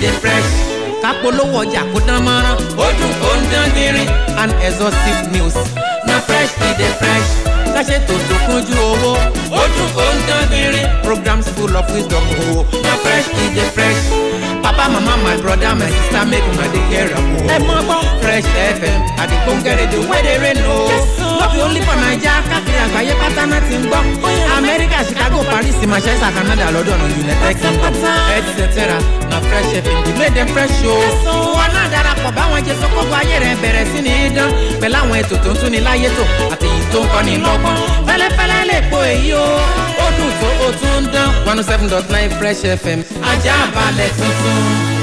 dey fresh. kápolówó ọjà kó dán mọ́rán. ó dùn ń dán gírín. an exhaustive news. na fresh e dey fresh. káṣe tó dòkunjú owó. ó dùn ń dán gírín. programs full of wisdom o. na fresh e dey fresh. papa mama my brother my sister make una dey care of o. ẹ mọ́ gbọ́ fresh fm àdìgbò ń gẹ́rẹ́ dùn wẹ́ẹ́dẹ̀ẹ́rẹ́ nù káàkiri naija káàkiri àgbáyé pátá náà ti ń gbọ́ amẹ́ríkà chicago paris manchester canada london united kingdom etc na fresh fm di made in fresh o. wọn náà darapọ̀ báwọn jẹ sọ́kọ́gbó ayé rẹ̀ bẹ̀rẹ̀ sí ní dán pẹ̀lú àwọn ètò tó ń tún ni láyé tó àti èyí tó ń kọ́ni lọ́gbọ́n fẹ́lẹ́fẹ́lẹ́ lè po èyí o ó dùn tó o tún dán one oh seven dot nine fresh fm ajá balẹ̀ tuntun.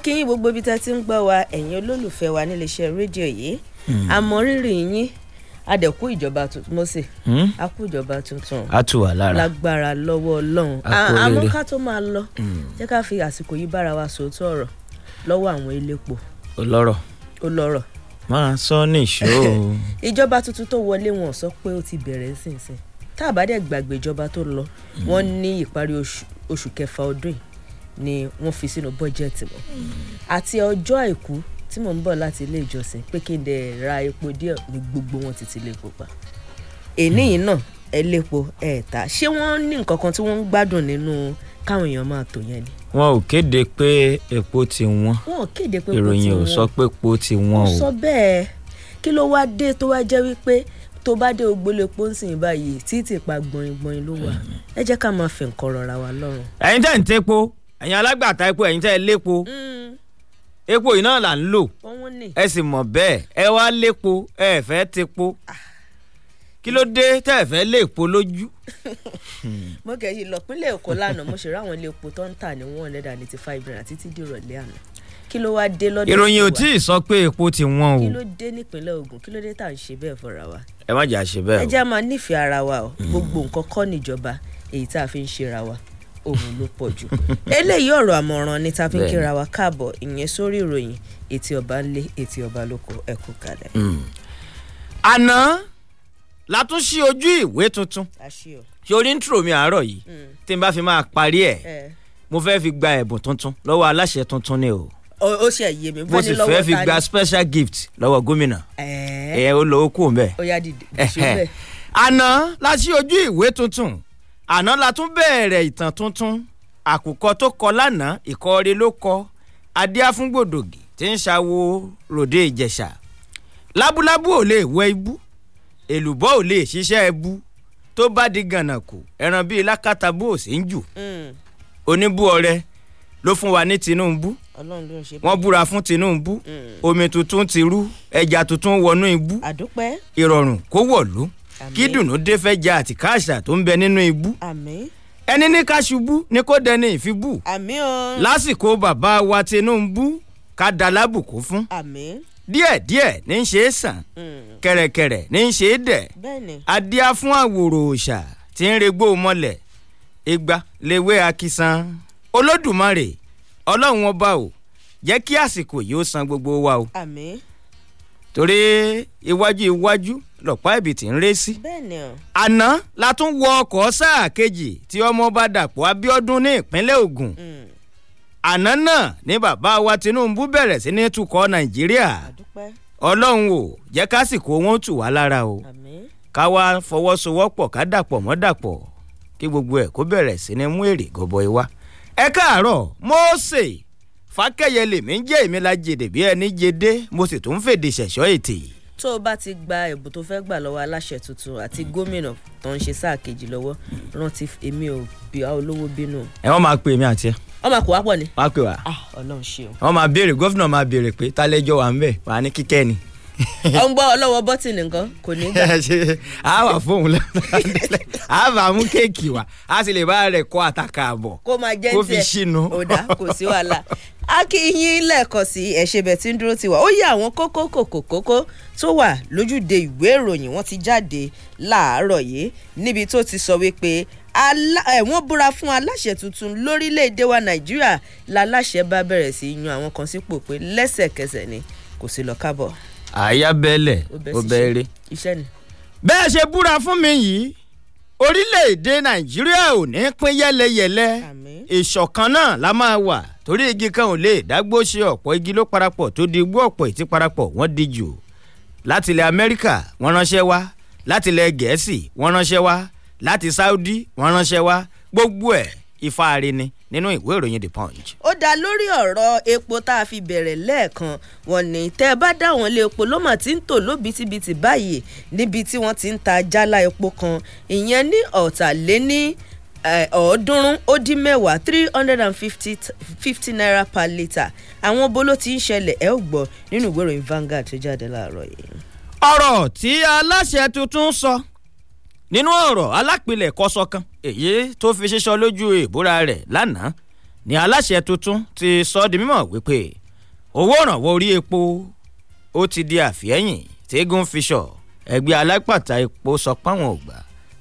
akínyìn gbogbo ibi tá a ti ń gbọ́ wa ẹ̀yin olólùfẹ́ wa níléeṣẹ́ rédíò yìí àmọ́ hmm. rírì yín adẹ̀kú ìjọba tuntun mọ́sẹ̀ hmm? akú ìjọba tuntun àtúwà lára lágbára lọ́wọ́ ọlọ́run àmọ́ ká tó máa lọ hmm. jẹ́ ká fi àsìkò yìí bára wa sòótọ́ ọ̀rọ̀ lọ́wọ́ àwọn elépo. olọ́rọ̀ olọ́rọ̀ máa sọ nìṣó. ìjọba tuntun tó wọlé wọn sọ pé ó ti bẹ̀rẹ̀ sínsìn tá a bá dẹ̀ gbàgbé ìjọba tó lọ wọ́n ní ìparí oṣù kẹfà ọdún yìí ni wọ́n fi sínú bọ́jẹ̀tì wọn hmm. àti ọjọ́ àìkú tí mò ń bọ̀ láti ilé ìjọsìn pé kí n dẹ̀ ra epo díẹ̀ ní gbogbo wọn títí lè pupa èní yìí náà ẹ lépo ṣé wọ́n ní nǹkan kan tí wọ́n ń gbádùn nínú káwọn èèyàn máa tò yẹn ni. wọn ò kéde pé epo ti wọ́n ìròyìn ò sọ pé epo ti wọ́n o. sọ bẹ́ẹ̀ kí ló wá dé tó wá jẹ́ wípé tó bá dé ogbólé pọ́ńsìn báyìí títì pa gbọ̀ngbọ̀n ló wà hmm. ẹ jẹ́ ká máa fi nǹkan rọra wa lọ́rùn. ẹ̀yin tẹ́ ń tepo ẹ̀yin alágbàtà epo ẹ̀yin tẹ́ ẹ lépo mm. epo yìí náà là ń lò ẹ sì mọ̀ bẹ́ẹ̀ ẹ wá lépo ẹ fẹ́ tepo ah. kí ló dé tẹ́ ẹ fẹ́ lépo lójú. mo kẹ́ yìí lọ́pínlẹ̀ èkó lánàá mo ṣe ráwọn ilé epo tó ń tà ní one hundred and eighty five naira títí dìrọ̀lẹ́ àná kí ló wá dé lọ́dọ̀ ìròyìn ò tí ì sọ pé epo ti wọ́n o. kí ló dé nípínlẹ̀ Ògùn kí ló dé tá ń ṣe bẹ́ẹ̀ fọ́ra wa. ẹ má jẹ́ àṣe bẹ́ẹ̀ o. ẹ jẹ́ a nífẹ̀ẹ́ ara wa o mm. gbogbo nǹkan kọ́ níjọba èyí tá a fi ń ṣera wa òun ló pọ̀ jù eléyìí ọ̀rọ̀ àmọ̀ràn ni ta fi ń kíra wa káàbọ̀ ìyẹn sórí ìròyìn etí ọba ńlé etí ọba lóko ẹ kú kalẹ̀. Hmm. àná la tún ṣí ojú ìwé tuntun yorí ń tùrò mi àárọ̀ yìí hmm. tí n bá fi máa parí ẹ̀ mo fẹ́ fi gba ẹ̀bùn tuntun lọ́wọ́ aláṣẹ tuntun ni o ó ṣe yé mi. mo sì fẹ́ fi gba special gift lọ́wọ́ gómìnà ẹ̀ẹ́n ó lọ ó kù ń bẹ̀. ó yá dìde bẹ́ẹ̀. àná la ojú ìwé tuntun àná la tún bẹ̀rẹ̀ ìtàn tuntun àkùkọ tó kọ lánàá ìkọre ló kọ adíá fún gbòdògì tí ń ṣàwo ròde ìjẹ̀ṣà lábúlábú ò lè wẹ ibú èlùbọ́ ò lè ṣiṣẹ́ ẹbú tó bá di gànàkù ẹran bíi lákàtàbú ò sí ń jù hmm. oníbú ọrẹ ló fún wa ní Tinubu wọ́n búra fún Tinubu hmm. omi tuntun ti rú ẹja tuntun wọnú ibú ìrọ̀rùn kó wọ̀lú kí dùnú dé fẹ́ jẹ àtìkáṣà tó ń bẹ nínú ibú ẹni ní ká ṣubú ni kò dẹni ìfibú lásìkò bàbá wa Tinubu ká da lábùkún fún díẹ̀díẹ̀ ní í ṣe é sàn hmm. kẹ̀rẹ̀kẹ̀rẹ̀ ní í ṣe é dẹ̀ adíá fún àwòrò òòṣà tí ń regbó mọ́lẹ̀ igba lewé akisan olódùmarè ọlọ́run ọba o jẹ́ kí àsìkò yìí ó san gbogbo wa o. Àmín torí iwájú iwájú lọ̀pá ẹ̀bìtì ń ré sí. àná la tún wọ ọkọ̀ sáà kejì tí ọmọ dàpọ̀ Abíọ́dún ní ìpínlẹ̀ Ògùn mm. àná náà ni bàbá wa Tinubu bẹ̀rẹ̀ sí ní tukọ̀ Nàìjíríà Ọlọ́run ò jẹ́ kásìkò wọn tù wá lára o ká wá fọwọ́sowọ́pọ̀ ká dàpọ̀ mọ́ dàpọ̀ kí gbogbo ẹ̀ kó bẹ̀rẹ̀ sí ní mú èrè gọbọi wá ẹ káàárọ̀ Mósè fàkẹ́yẹ lèmi ń jẹ́ èmi la jèdè bí ẹni jèdè mo sì tún fèdè ṣẹ̀ṣọ́ ètè. tó o bá ti gba ẹ̀bùn tó fẹ́ gbà lọ́wọ́ aláṣẹ tuntun àti gómìnà tó ń ṣe sáà kejì lọ́wọ́ rántí èmi ò bí a olówó bínú. ẹ wọn máa pe èmi àti ẹ. wọn máa kó wá pọ̀ ni. wọn á pè wá. Ah, Ọlọ́run ṣe o. wọn máa béèrè gómìnà máa béèrè pé tálẹ́jọ́ wà ń bẹ̀ wà á ní kíkẹ́ ni ọ ń bọ́ ọlọ́wọ́ bọ́tìnì nǹkan kò ní gbà. a wà fóun lọ́nà a bá mú kéèkì wá a sì lè bá rẹ̀ kó àtàkà àbọ̀ kó máa jẹ́ tiẹ̀ ọ̀dà kò sí wàhálà a kì í yín lẹ́ẹ̀kan sí ẹ̀ṣẹ̀ bẹ̀ tí ń dúró ti wà ó yẹ àwọn kókó kòkó kókó tó wà lójúde ìwé ìròyìn wọn ti jáde láàárọ̀ yìí níbi tó ti sọ wípé wọ́n búra fún aláṣẹ tuntun lórílẹ̀‐èdè wa nàìjíríà láláṣẹ bá bẹ̀rẹ̀ sí yan àwọn kan sípò pé lẹ́sẹ̀kẹsẹ̀ ni kò sí lọ kábọ̀ àyà bẹ́lẹ̀ ó bẹ́ẹ̀rẹ́. bẹ́ẹ̀ ṣe búra fún mi yìí orílẹ̀-èdè nàìjíríà ò ní pín yẹ́lẹyẹ̀lẹ ìṣọ̀kan náà la máa wà torí igi kan ò lè dágbó ṣe ọ̀pọ̀ igi ló parapọ̀ tó di igbó ọ̀pọ̀ ìtí parapọ̀ wọ́n di jù láti ilẹ̀ amẹ́ríkà wọ́n ránṣẹ́ wá láti ilẹ̀ gẹ̀ẹ́sì wọ́n ránṣẹ́ wá láti saudi wọ́n ránṣẹ́ wá gbogbo ẹ̀ ìfáàrí ni nínú ìwé ìròyìn the punch. ó dá lórí ọ̀rọ̀ epo tá a fi bẹ̀rẹ̀ lẹ́ẹ̀kan wọn ní tẹ́ ẹ bá dá wọn lé epo ló mà ti ń tò lóbìtìbìtì báyìí níbi tí wọ́n ti ń ta jálá epo kan ìyẹn ní ọ̀tàléní ọ̀ọ́dúnrún ó dín mẹ́wàá three hundred and fifty naira per litre àwọn bolo ti ń ṣẹlẹ̀ ẹ ó gbọ́ nínú ìwé ìròyìn Vanguard tó jáde láàárọ̀ yìí. ọ̀rọ̀ tí aláṣẹ tuntun sọ nínú ọ̀rọ̀ alápilẹ̀kọ sọ kan èyí tó fi ṣíṣọ lójú ìbúra rẹ̀ lánàá ni aláṣẹ tuntun ti sọ di mímọ̀ wípé owó ìrànwọ́ orí epo ó ti di àfihẹ́yìn tẹ́gùn fiṣọ ẹgbẹ́ alápàtà epo sọ páwọn ò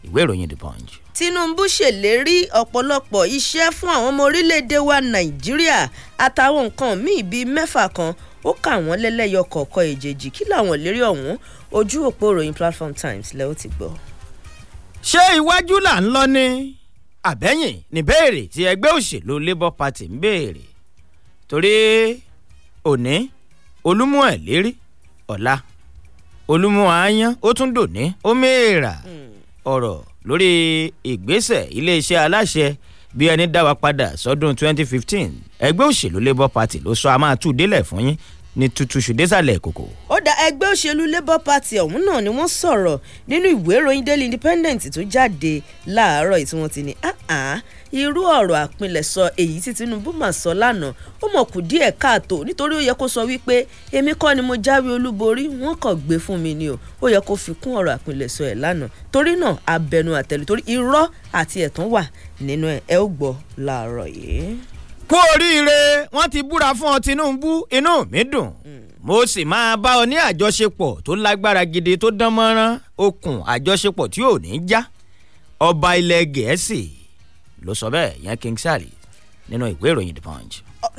ìwé ìròyìn the punch. tinubu ṣèlérí ọ̀pọ̀lọpọ̀ iṣẹ́ fún àwọn ọmọ orílẹ̀-èdè wa nàìjíríà àtàwọn nǹkan míì bíi mẹ́fà kan ó kà wọ́n lẹ́lẹ́yọ kọ̀ọ̀kan èjèèjì kí làwọn lérí ọ̀hún ojú òpó ìròyìn platform times lẹ́ ó ti gbọ́ ṣé iwájú là ń lọ ní àbẹ́yìn ní béèrè tí ẹgbẹ́ òṣèlú labour party ń béèrè torí òní olúmọ ẹ lérí ọ̀la olúmọ àáyán ó tún dòní ó mèèrà ọ̀rọ̀ lórí ìgbésẹ̀ iléeṣẹ́ aláṣẹ bí ẹni dá wa padà sọdún 2015 ẹgbẹ́ òṣèlú labour party ló sọ a máa tú délẹ̀ fún yín ní tútù ṣùdésàlẹ̀ kòkò. ó da ẹgbẹ́ òṣèlú labour party ọ̀hún náà ni wọ́n sọ̀rọ̀ nínú ìwé ìròyìn daily independent tó jáde láàárọ̀ tí wọ́n ti ní irú ọ̀rọ̀ àpilẹ̀sọ èyí tí tinubu mà sọ lánàá ó mọ̀ kù díẹ̀ káàtó nítorí ó yẹ kó sọ wípé èmi kọ́ ni mo jáwé olúborí wọ́n kàn gbé fún mi ni o ó yẹ kó fi kún ọ̀rọ̀ àpilẹ̀sọ ẹ̀ lánàá torí náà abẹnu àtẹ̀lù torí irọ́ àti ẹ̀tàn wà nínú ẹ̀ ẹ ó gbọ́ làárọ̀ yìí kú oríire wọ́n ti búra fún ọ Tinubu inú mi dùn mo sì máa bá ọ ní àjọṣepọ̀ tó lágbára gidi tó dán mọ́rán okùn àjọṣepọ̀ tí ò ní já ọba ilẹ̀ Gẹ̀ẹ́sì ló sọ bẹ́ẹ̀ yẹn King Sally nínú ìwé ìròyìn The Punch.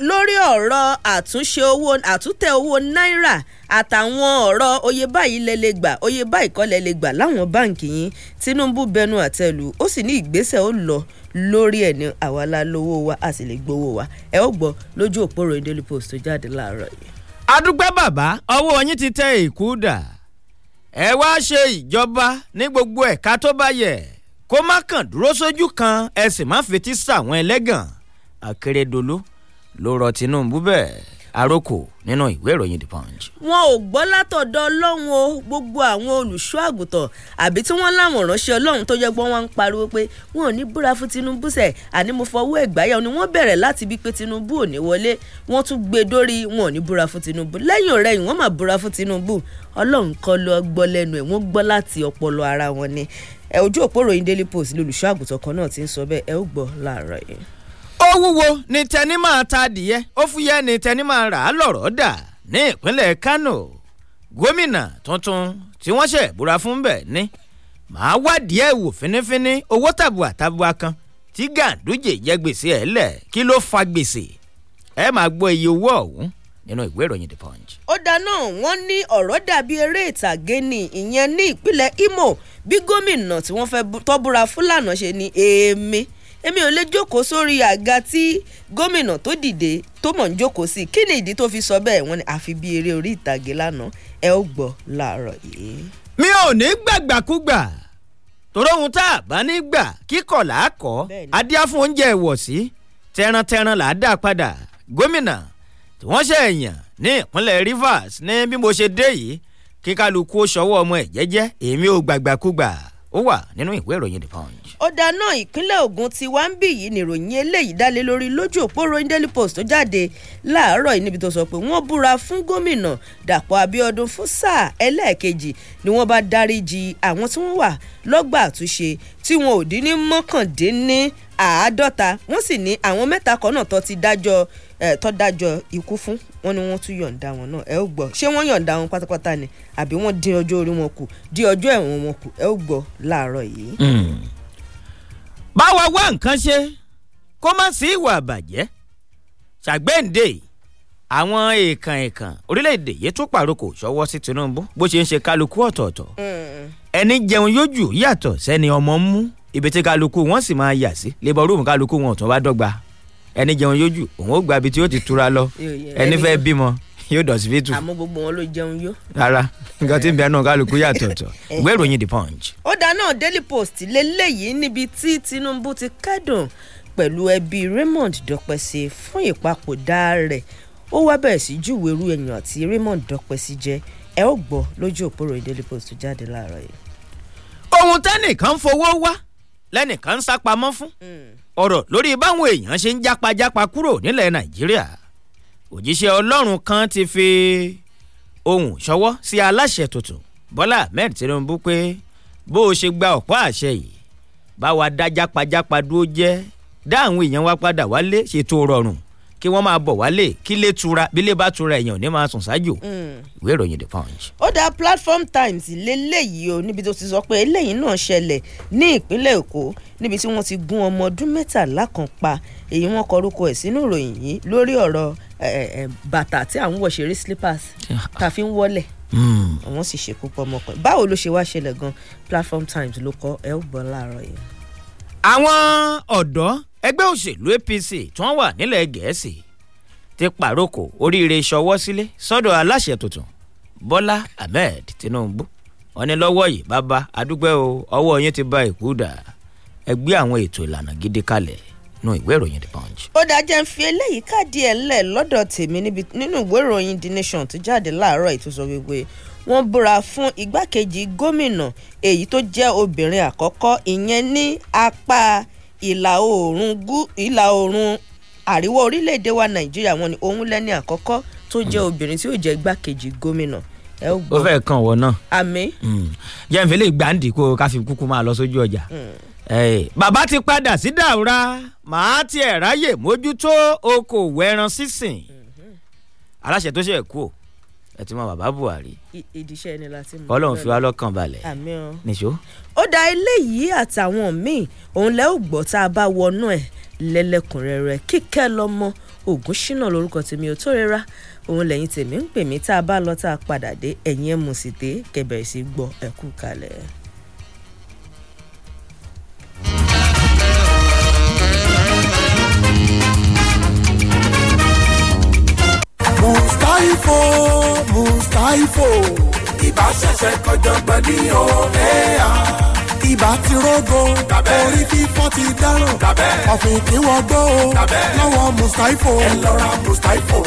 lórí ọ̀rọ̀ àtúnṣe owó àtúntẹ̀ owó náírà àtàwọn ọ̀rọ̀ oyè báyìí lẹ lè gbà oyè báyìí kọ́ lẹ lè gbà láwọn báǹkì yín Tinubu bẹnu àtẹ́lù ó sì ní ìgbésẹ̀ ó lọ lórí ẹ̀ ní àwa la lówó wa a sì lè gbowó wa ẹ ó gbọ́ lójú òpó ròyìn daily post tó jáde láàárọ̀ yìí. adúgbò bàbá ọwọ́ yín ti tẹ ìkú dà ẹ wá ṣe ìjọba ní gbogbo ẹ̀ka tó bá yẹ kó má kàn dúró sójú kan ẹ sì má fetí sàwọn ẹlẹ́gàn akérèdọ́lù ló rọ tinubu bẹ́ẹ̀. Aroko, nínú ìwé ìròyìn the punch. wọn ò gbọ́ látọ̀dọ̀ ọlọ́run o gbogbo àwọn olùṣọ́ àgùntàn àbí tí wọ́n láwọn ránṣẹ́ ọlọ́run tó jẹ́ pé wọ́n ń pariwo pé wọn ò ní búra fún tinubu sẹ̀ àní mo fọwọ́ ẹ̀gbáyà ni wọ́n bẹ̀rẹ̀ láti bí pé tinubu ò ní wọlé wọ́n tún gbé dórí wọn ò ní búra fún tinubu lẹ́yìn ọ̀rẹ́ yìí wọ́n máa búra fún tinubu ọlọ́run kọ́ lọ gbọ́ lẹ́nu ẹ̀ wọ́n gbọ́ láti ọpọlọ ara wọn ni ẹ ojú òpó ìròyìn daily post lolùṣọ́ àgùntàn kan náà ti ń sọ bẹ́ẹ̀ ẹ ó gbọ́ láàárọ̀ yìí ó wúwo ní tẹni máa ta adìyẹ ó fúyẹ́ ní tẹni máa rà á lọ́rọ̀ dà ní ìpínlẹ̀ Kano gómìnà tuntun tí wọ́n ṣẹ̀ búra fún bẹ̀ ni màá wádìí ẹ̀ wò fínífíní owó tàbùà tàbùà kan tí Ganduje jẹ gbèsè ẹ̀ lẹ̀ kí ló fa gbèsè ẹ máa gbọ́ iye owó ọ̀hún nínú ìwé ìròyìn the punch. ó dáná wọ́n ní ọ̀rọ̀ dàbí eré ìtàgé ni ìyẹn ní ìpínlẹ̀ Imo bí gómìnà tí wọ́n fẹ́ tọ́búra Fúlànà ṣe ni èèmí. E èmi ò lè jókòó sórí àga tí gómìnà tó dìde tó mọ̀ ń jókòó sí kí ni ìdí tó fi sọ bẹ́ẹ̀ wọ́n ní àfi bí eré orí ìtàgé lánàá ẹ ó gbọ́ láàárọ̀ yìí. mi ò ní gbàgbàkúgbà toróhun tá a bá ní gbà kíkọ̀ là á kọ́ adíá fún oúnjẹ ìwọ̀sí tẹran-tẹran là á dà padà gómìnà tí wọ́n ṣe èèyàn ní ìpínlẹ̀ Rivers ní bí mo ṣe dé yìí kíkálukú ṣọwọ́ ọmọ ẹ̀ jẹ́jẹ́ èmi ò gbàgbàkúgbà ó wà nínú ìwé ìròyìn the punch. ó dáná ìpínlẹ̀ Ògùn tí wàá ń bì yìí nìròyìn eléyìí dálé lórí lójú òpó roin daily post tó jáde láàárọ̀ yìí níbi tó sọ pé wọ́n búra fún gómìnà Dàpọ̀ Abíọ́dún fún sáà ẹlẹ́ẹ̀kejì ni wọ́n bá dáríjì àwọn tí wọ́n wà lọ́gbà àtúnṣe tí wọn ò dín ní mọ́kàndínní àádọ́ta wọ́n sì ní àwọn mẹ́ta kan náà tó ti dájọ́ ikú fún wọ́n ní wọ́n tún yọ̀ǹda wọn náà ẹ ó gbọ́ ṣé wọ́n yọ̀ǹda wọn pátápátá ni àbí wọ́n dín ọjọ́ orí wọn kù dín ọjọ́ ẹ̀wọ̀n wọn kù ẹ ó gbọ́ láàárọ̀ yìí. Hmm. báwa wá nǹkan ṣe kó má sí ìwà àbàjẹ́ ṣàgbéǹde àwọn èèkàn èèkàn orílẹ̀-èdè yìí tún pàrokò ṣọwọ́ sí Tinubu bó ṣe ń ṣe kálukú ọ̀tọ̀ọ̀tọ̀ hmm. ẹni jẹun yójú yàtọ̀ sẹ́ni ọmọ ń mú ibi tí kálukú wọn sì máa yà sí lébọrúùmù kálukú wọn ò tún wá dọ́gba ẹni jẹun yójú òun ó gba ibi tí yóò ti túra lọ ẹni fẹ́ bímọ yóò dọ̀ sí fìtú. àmọ́ gbogbo wọn ló jẹun yó. rárá nǹkan tí ń bẹ náà kálukú yàtọ̀tọ̀ eh. ìwé ìròyìn the punch. ó dáná daily post lélẹ́yìí níbi tí Tinubu ti kẹ́dùn pẹ̀lú ẹbí Raymond Dọ́pẹ́sì fún ìpapòdà rẹ̀ ó wá bẹ̀rẹ̀ sí júwe irú èèyàn tí Raymond Dọ́pẹ́sì jẹ́ ẹ ó gbọ́ lójú òpó ìròyìn daily post tó jáde láàárọ̀ yìí. ohun tẹ́nìkan fowó wá lẹ́nìkan ń sápamọ́ fún. Mm ọ̀rọ̀ lórí báwọn èèyàn ṣe ń jápajàpa kúrò nílẹ̀ nàìjíríà òjíṣẹ́ ọlọ́run kan ti fi ohùn ṣọwọ́ sí aláṣẹ tuntun bọ́lá ahmed tinubu pé bó o ṣe gba ọ̀pá àṣẹ yìí bá wa dá jápajàpa dúró jẹ́ dá àwọn èèyàn wa padà wálé ṣètò rọrùn kí wọ́n máa bọ̀ wálé kí lè tura bí lè bá tura èèyàn ní máa sùn ṣáájú. Mm. ìwé ìròyìn the punch. ó dá platform times lélẹ́yìí o níbi tó ti sọ pé eléyìí náà ṣẹlẹ̀ ní ìpínlẹ̀ èkó níbi tí wọ́n ti gún ọmọ ọdún mẹ́tàlá kan pa èyí wọ́n kọ orúkọ ẹ̀ sínú ìròyìn yìí lórí ọ̀rọ̀ bàtà tí à ń wọ̀ ṣeré slippers tá a fi ń wọlẹ̀ hmm. wọ́n sì ṣekú pọ̀ ọmọkùnrin báwo ló ṣe wá ṣẹlẹ̀ gan platform times ló kọ ẹ̀ ó gbọ́ láàárọ̀ yìí àwọn ọ̀dọ́ ẹgbẹ́ òṣèlú APC tí wọ́n wà nílẹ̀ gẹ̀ẹ́sì ti pàrókò oríire ṣọwọ́ sílé sọ́dọ̀ aláṣẹ tuntun Bọ́lá Ahmed Tinubu wọ́n ní lọ́wọ́ yìí bàbá adúgbẹ́ o ọwọ́ yín ti ba ìkú dà ẹ gbé àwọn ètò ìlànà gidi kalẹ̀ nínú ìwé ìròyìn The Punch. ó dáa jẹ́ ń fi eléyìí káàdì ẹ̀ lẹ̀ lọ́dọ̀ tèmi nínú ìwé ìròyìn The Nation tó jáde láàárọ̀ ìtòsọ gbogbo wọ́n búra fún igbákejì gómìnà èyí tó jẹ́ obìnrin àkọ́kọ́ ìyẹn ní apá ìlà oòrùn àríwá orílẹ̀-èdè wa nàìjíríà wọn ni òun lẹ́ni àkọ́kọ́ tó jẹ́ obìnrin tí yóò jẹ́ igbákejì gómìnà ó fẹ́ kàn wọ náà. àmì. Mm. jẹ́nfẹ́ gbàǹdì kó ká fi kúkú máa lọ sójú ọjà. Mm. bàbá ti padà sí dàwúrà màá tiẹ̀ ráyè mójútó okòwò ẹran sísìn mm-hmm. aláṣẹ tó ṣe kú o ẹ ti mọ bàbá buhari. ìdíṣẹ́ ni láti mú. ọlọ́run fi wá lọ́kàn balẹ̀. àmín o. nìṣó. ó da eléyìí àtàwọn míì òun lẹ́ ò gbọ́ tá a bá wọnú ẹ̀ lẹ́lẹ́kùnrẹ́rẹ́ kíkẹ́ lọ́mọ ògùn ṣínà lórúkọ tèmi ò tó rẹ́ra òun lẹ́yìn tèmi ń pè mí tá a bá lọ padà dé ẹ̀yìn ẹ̀ mùsìtè kẹbẹ̀rẹ̀ sí gbọ́ ẹ̀kú kalẹ̀. mustaifo mustaifo. ibà ṣẹ̀ṣẹ̀ kọjọ gbọ́dí o ẹ̀yà ibà ti rógo orí fífọ́ ti dáràn ọ̀fìn kí wọ́n gbó o lọ́wọ́ mùsáífò. ẹ lọ ra mùsáífò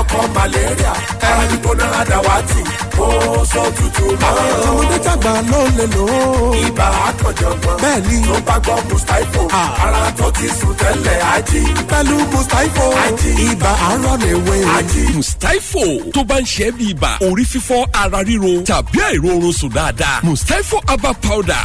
ọkọ̀ malaria ara gbígbóná àdáwátì ó sọ tútù mọ́. ọmọdé tàgbà ló lè lò ó. ibà àkànjọ̀gbọ́n bẹ́ẹ̀ni tó bá gbọ́ mùsáífò ara tó ti sùn tẹ́lẹ̀ ají. pẹ̀lú mùsáífò ibà arọ lè wé. mùsáífò tó bá ń ṣe é bí ibà orí fífọ́ ara ríro tàbí àìróorun sùn dáadáa mùsáífò herbal powder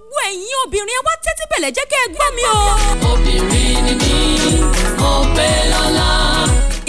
gbogbo ẹ̀yin obìnrin ẹ wá tẹ́tí bẹ̀lẹ̀ jẹ́ kẹ́ ẹ gbọ́ mi o. obìnrin ni mí mo lọ́la.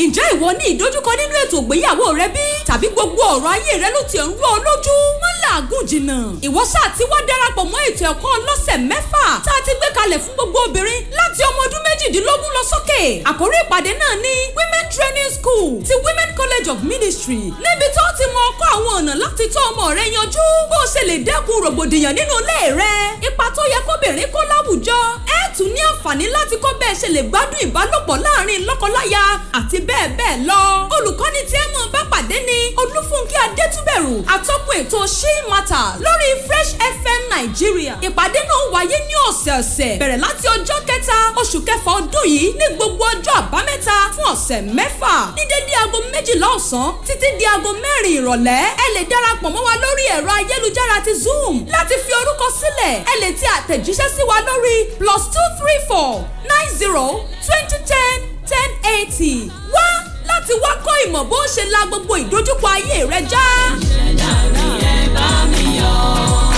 ǹjẹ́ ìwọ ní ìdojúkọ nínú ètò ìgbéyàwó rẹ bí? tàbí gbogbo ọ̀rọ̀ ayé rẹ ló ti ń rú ọ lójú má làágùn jìnnà ìwọ ṣáà ti wá darapọ̀ mọ́ ètò ẹ̀kọ́ ọlọ́sẹ̀ mẹ́fà tá a ti gbé kalẹ̀ fún gbogbo obìnrin láti ọmọ ọdún méjìdínlógún lọ sókè àkórí ìpàdé náà ni women training school ti women college of ministry níbi tó ti mọ ọkọ àwọn ọ̀nà láti tọ́ ọmọ rẹ yanjú bó o ṣe lè dẹ́kun rògbòdìyàn nínú ilé rẹ ipa tó yẹ kóbìnrin kó láwùjọ ẹ tún ní àǹfààní láti kọ́ bẹ́ẹ̀ ṣe lè gbádùn ìbálòpọ̀ láàrin lọ́kọláya àti bẹ́ẹ̀ bẹ́ẹ̀ lọ olùkọ́ni tí ẹ mọ̀ bá pàdé ni ní olúfúnkẹ́ adétúbẹ̀rù àtọ́kùn ètò she matters lórí fresh fm nàìjíríà ìpàdé náà wáyé ní ọ̀sẹ̀ọ̀sẹ̀ bẹ̀rẹ̀ láti ọjọ́ kẹta oṣù kẹfà ọdún yìí ní gbogbo ọjọ́ àbámẹ́ta fún ọ̀sẹ̀ mẹ́fà ní dédé aago méjìlá ọ̀sán títí di aago mẹ́rin ìrọ̀lẹ́ ẹ lè darapọ̀ mọ́ wa lórí ẹ̀rọ ayélujára ti zoom láti fi orúkọ sílẹ̀ ẹ lè ti àtẹ̀jíṣẹ́ sí wa lórí plus two three four nine zero twenty ten ten eighty one láti wá kọ́ ìmọ̀ bó ṣe la gbogbo ìdojúkọ ayé rẹ já. ìṣẹ̀dá mi ẹ bá mi yọ̀.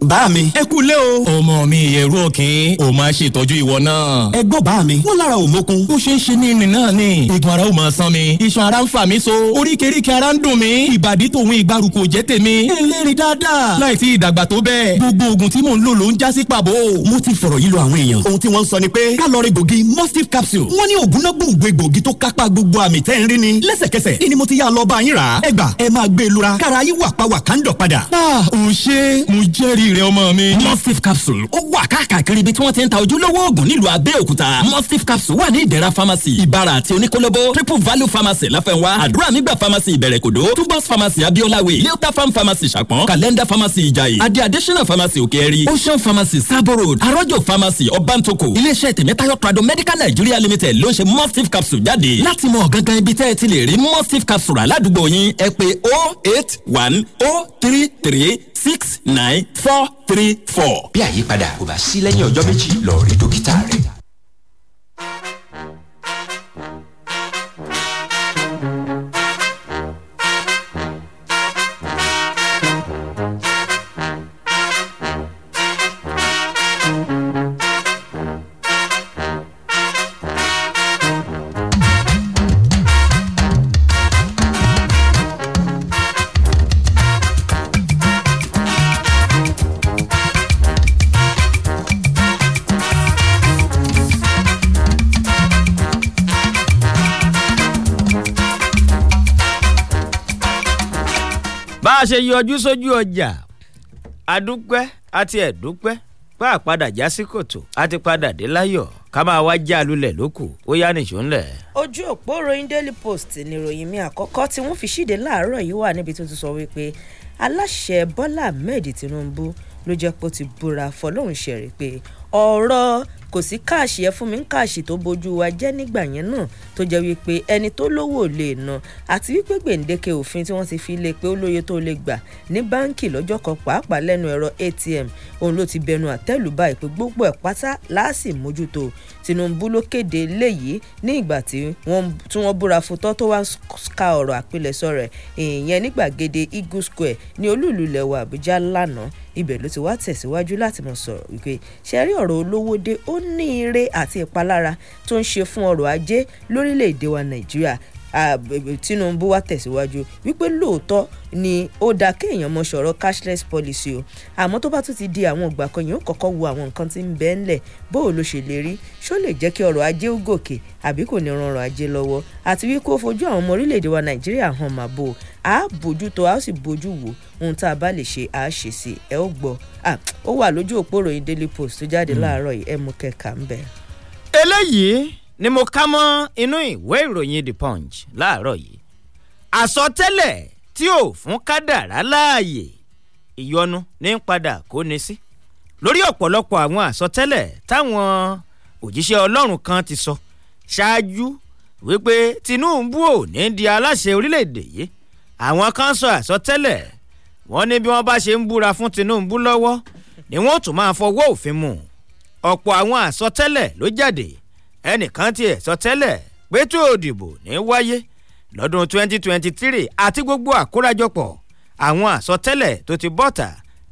bá mi. ẹ kú o. ọmọ mi ìyẹ̀rú òkín o máa ṣètọ́jú ìwọ náà. ẹ gbọ́ bá mi. wọ́n lára ò mókun. ó ṣe é ṣe ní ìrìn náà ni. igun ara ò máa san mi. iṣan ara ń fà mí so. oríkèéríkèé ara ń dùn mí. ìbàdí tòun ìgbàrú kò jẹ́ tèmi. eléèrè dáadáa. láì sí ìdàgbà tó bẹ́ẹ̀. gbogbo oògùn tí mò ń lò ló ń já sí pàbó. mo ti fọ̀rọ̀ yí lọ àwọn èèyàn. ohun tí wọ́n sọ ni pé kálọ̀rì capsule. wọ́n ní oògùn náà gbòǹgbò egbògi tó ni. lẹ́sẹ̀kẹsẹ̀ ni mo ti yá lọ bá yín rà e lura. kára yín wà pa ah ò ṣe orí rẹ ọmọ mi. mustif capsule ó wà káàkiri ibi tí wọ́n ti ń ta ojúlówó oògùn nílùú abẹ́òkúta mustif capsule wà ní ìdẹ̀ra pharmacy ìbára àti oníkólóbó triple value pharmacy láfẹ́nwá àdúrà nígbà pharmacy ìbẹ̀rẹ̀kòdó tubos pharmacy abiolawe leota farm pharmacy ṣàpọ̀n calendar pharmacy ìjàyè Adi additional pharmacy òkèèrè ocean pharmacy sabo road arọ́jọ pharmacy ọbántoko iléeṣẹ́ tèmítayọ̀ prado medical nigeria limited ló ń ṣe mustif capsule jáde láti mọ gangan ibi tẹ́ ẹ ti lè rí mustif capsule aládùúgbò yín ẹ pé 08103 three six nine four four three four. bí àyípadà kò bá sí lẹ́yìn ọjọ́ méjì lọ rí dókítà rẹ̀. ṣe yọjú sójú ọjà adúpẹ́ àti ẹ̀dúpẹ́ bá a já sí kòtò a ti padà dé láyọ̀ ká máa wá já lulẹ̀ lóko ó yá nìṣó ńlẹ̀. ojú òpó ròyìn daily post nìròyìn mi àkọ́kọ́ tí wọ́n fi ṣíde láàárọ̀ yìí wà níbi tó ti sọ wípé aláṣẹ bọ́lá ahmed tinubu ló jẹ́ pé ó ti búra fọlọ́run ṣẹ̀rí pé ọ̀rọ̀ kò sí káàṣì ẹ fún mi ń káàṣì tó bójú wa jẹ́ nígbà yẹn náà tó jẹ́ wípé ẹni tó lówó lè ná àti wípé gbèǹdéke òfin tí wọ́n ti fi lé pé ó lóye tó lè gbà ní báǹkì lọ́jọ́ kan pàápàá lẹ́nu ẹ̀rọ atm òun ló ti bẹnu àtẹ́lù bá ìpè gbogbo ẹ̀ pátá láàsì mójútó tinubu ló kéde léyìí ní ìgbà tí wọ́n búra fotọ́ tó wá ka ọ̀rọ̀ àpilẹ̀sọ rẹ̀ ìyẹn ní gbàgede eagle square ní olúùlú lẹ̀wọ̀ àbújá lánàá ibẹ̀ ló ti wá tẹ̀síwájú láti mọ̀ sọ̀rọ̀ wípé ṣẹ́rí ọ̀rọ̀ olówó dé ó ní ire àti ìpalára tó ń ṣe fún ọrọ̀ ajé lórílẹ̀‐èdè wa nàìjíríà Tinubu wá tẹ̀síwájú wípé lóòótọ́ ni ó dáa kéèyàn mọ sọ̀rọ̀ cashless policy o àmọ́ tó bá tún ti di àwọn ìgbà kan yìí ó kọ́kọ́ wo àwọn nǹkan tí ń bẹ ńlẹ̀ bó o lo ṣe lè rí ṣó lè jẹ́ kí ọrọ̀ ajé ó gòkè àbí kò ní ran ọrọ̀ ajé lọ́wọ́ àti wípé ó fojú àwọn ọmọ orílẹ̀-èdè wa Nàìjíríà hàn mà bò á bójútó a ó sì bójú wò ohun tá a bá lè ṣe à á ṣe sí ẹ ó gbọ́ ó wà lójú òpó ìròyìn Daily Post tó jáde hmm. láàárọ̀ yìí ẹ mú kẹka ń bẹ ni mo ká mọ́ inú ìwé ìròyìn the punch láàárọ̀ yìí àsọtẹ́lẹ̀ tí ò fún kádàrá láàyè ìyọnu ní padà kó ní sí lórí ọ̀pọ̀lọpọ̀ àwọn àsọtẹ́lẹ̀ táwọn òjíṣẹ́ ọlọ́run kan ti sọ ṣáájú wípé tinubu ò ní di aláṣẹ orílẹ̀-èdè yìí àwọn kan sọ àsọtẹ́lẹ̀ wọ́n ní bí wọ́n bá ṣe ń búra fún tinubu lọ́wọ́ ni wọ́n tún máa fọwọ́ òfin mu ọ̀pọ̀ àwọn àsọtẹ́lẹ̀ ló jáde ẹnìkan tiẹ̀ sọ tẹ́lẹ̀ pé tó òdìbò ní wáyé lọ́dún 2023 àti gbogbo àkórajọpọ̀ àwọn àsọtẹ́lẹ̀ tó ti bọ́ta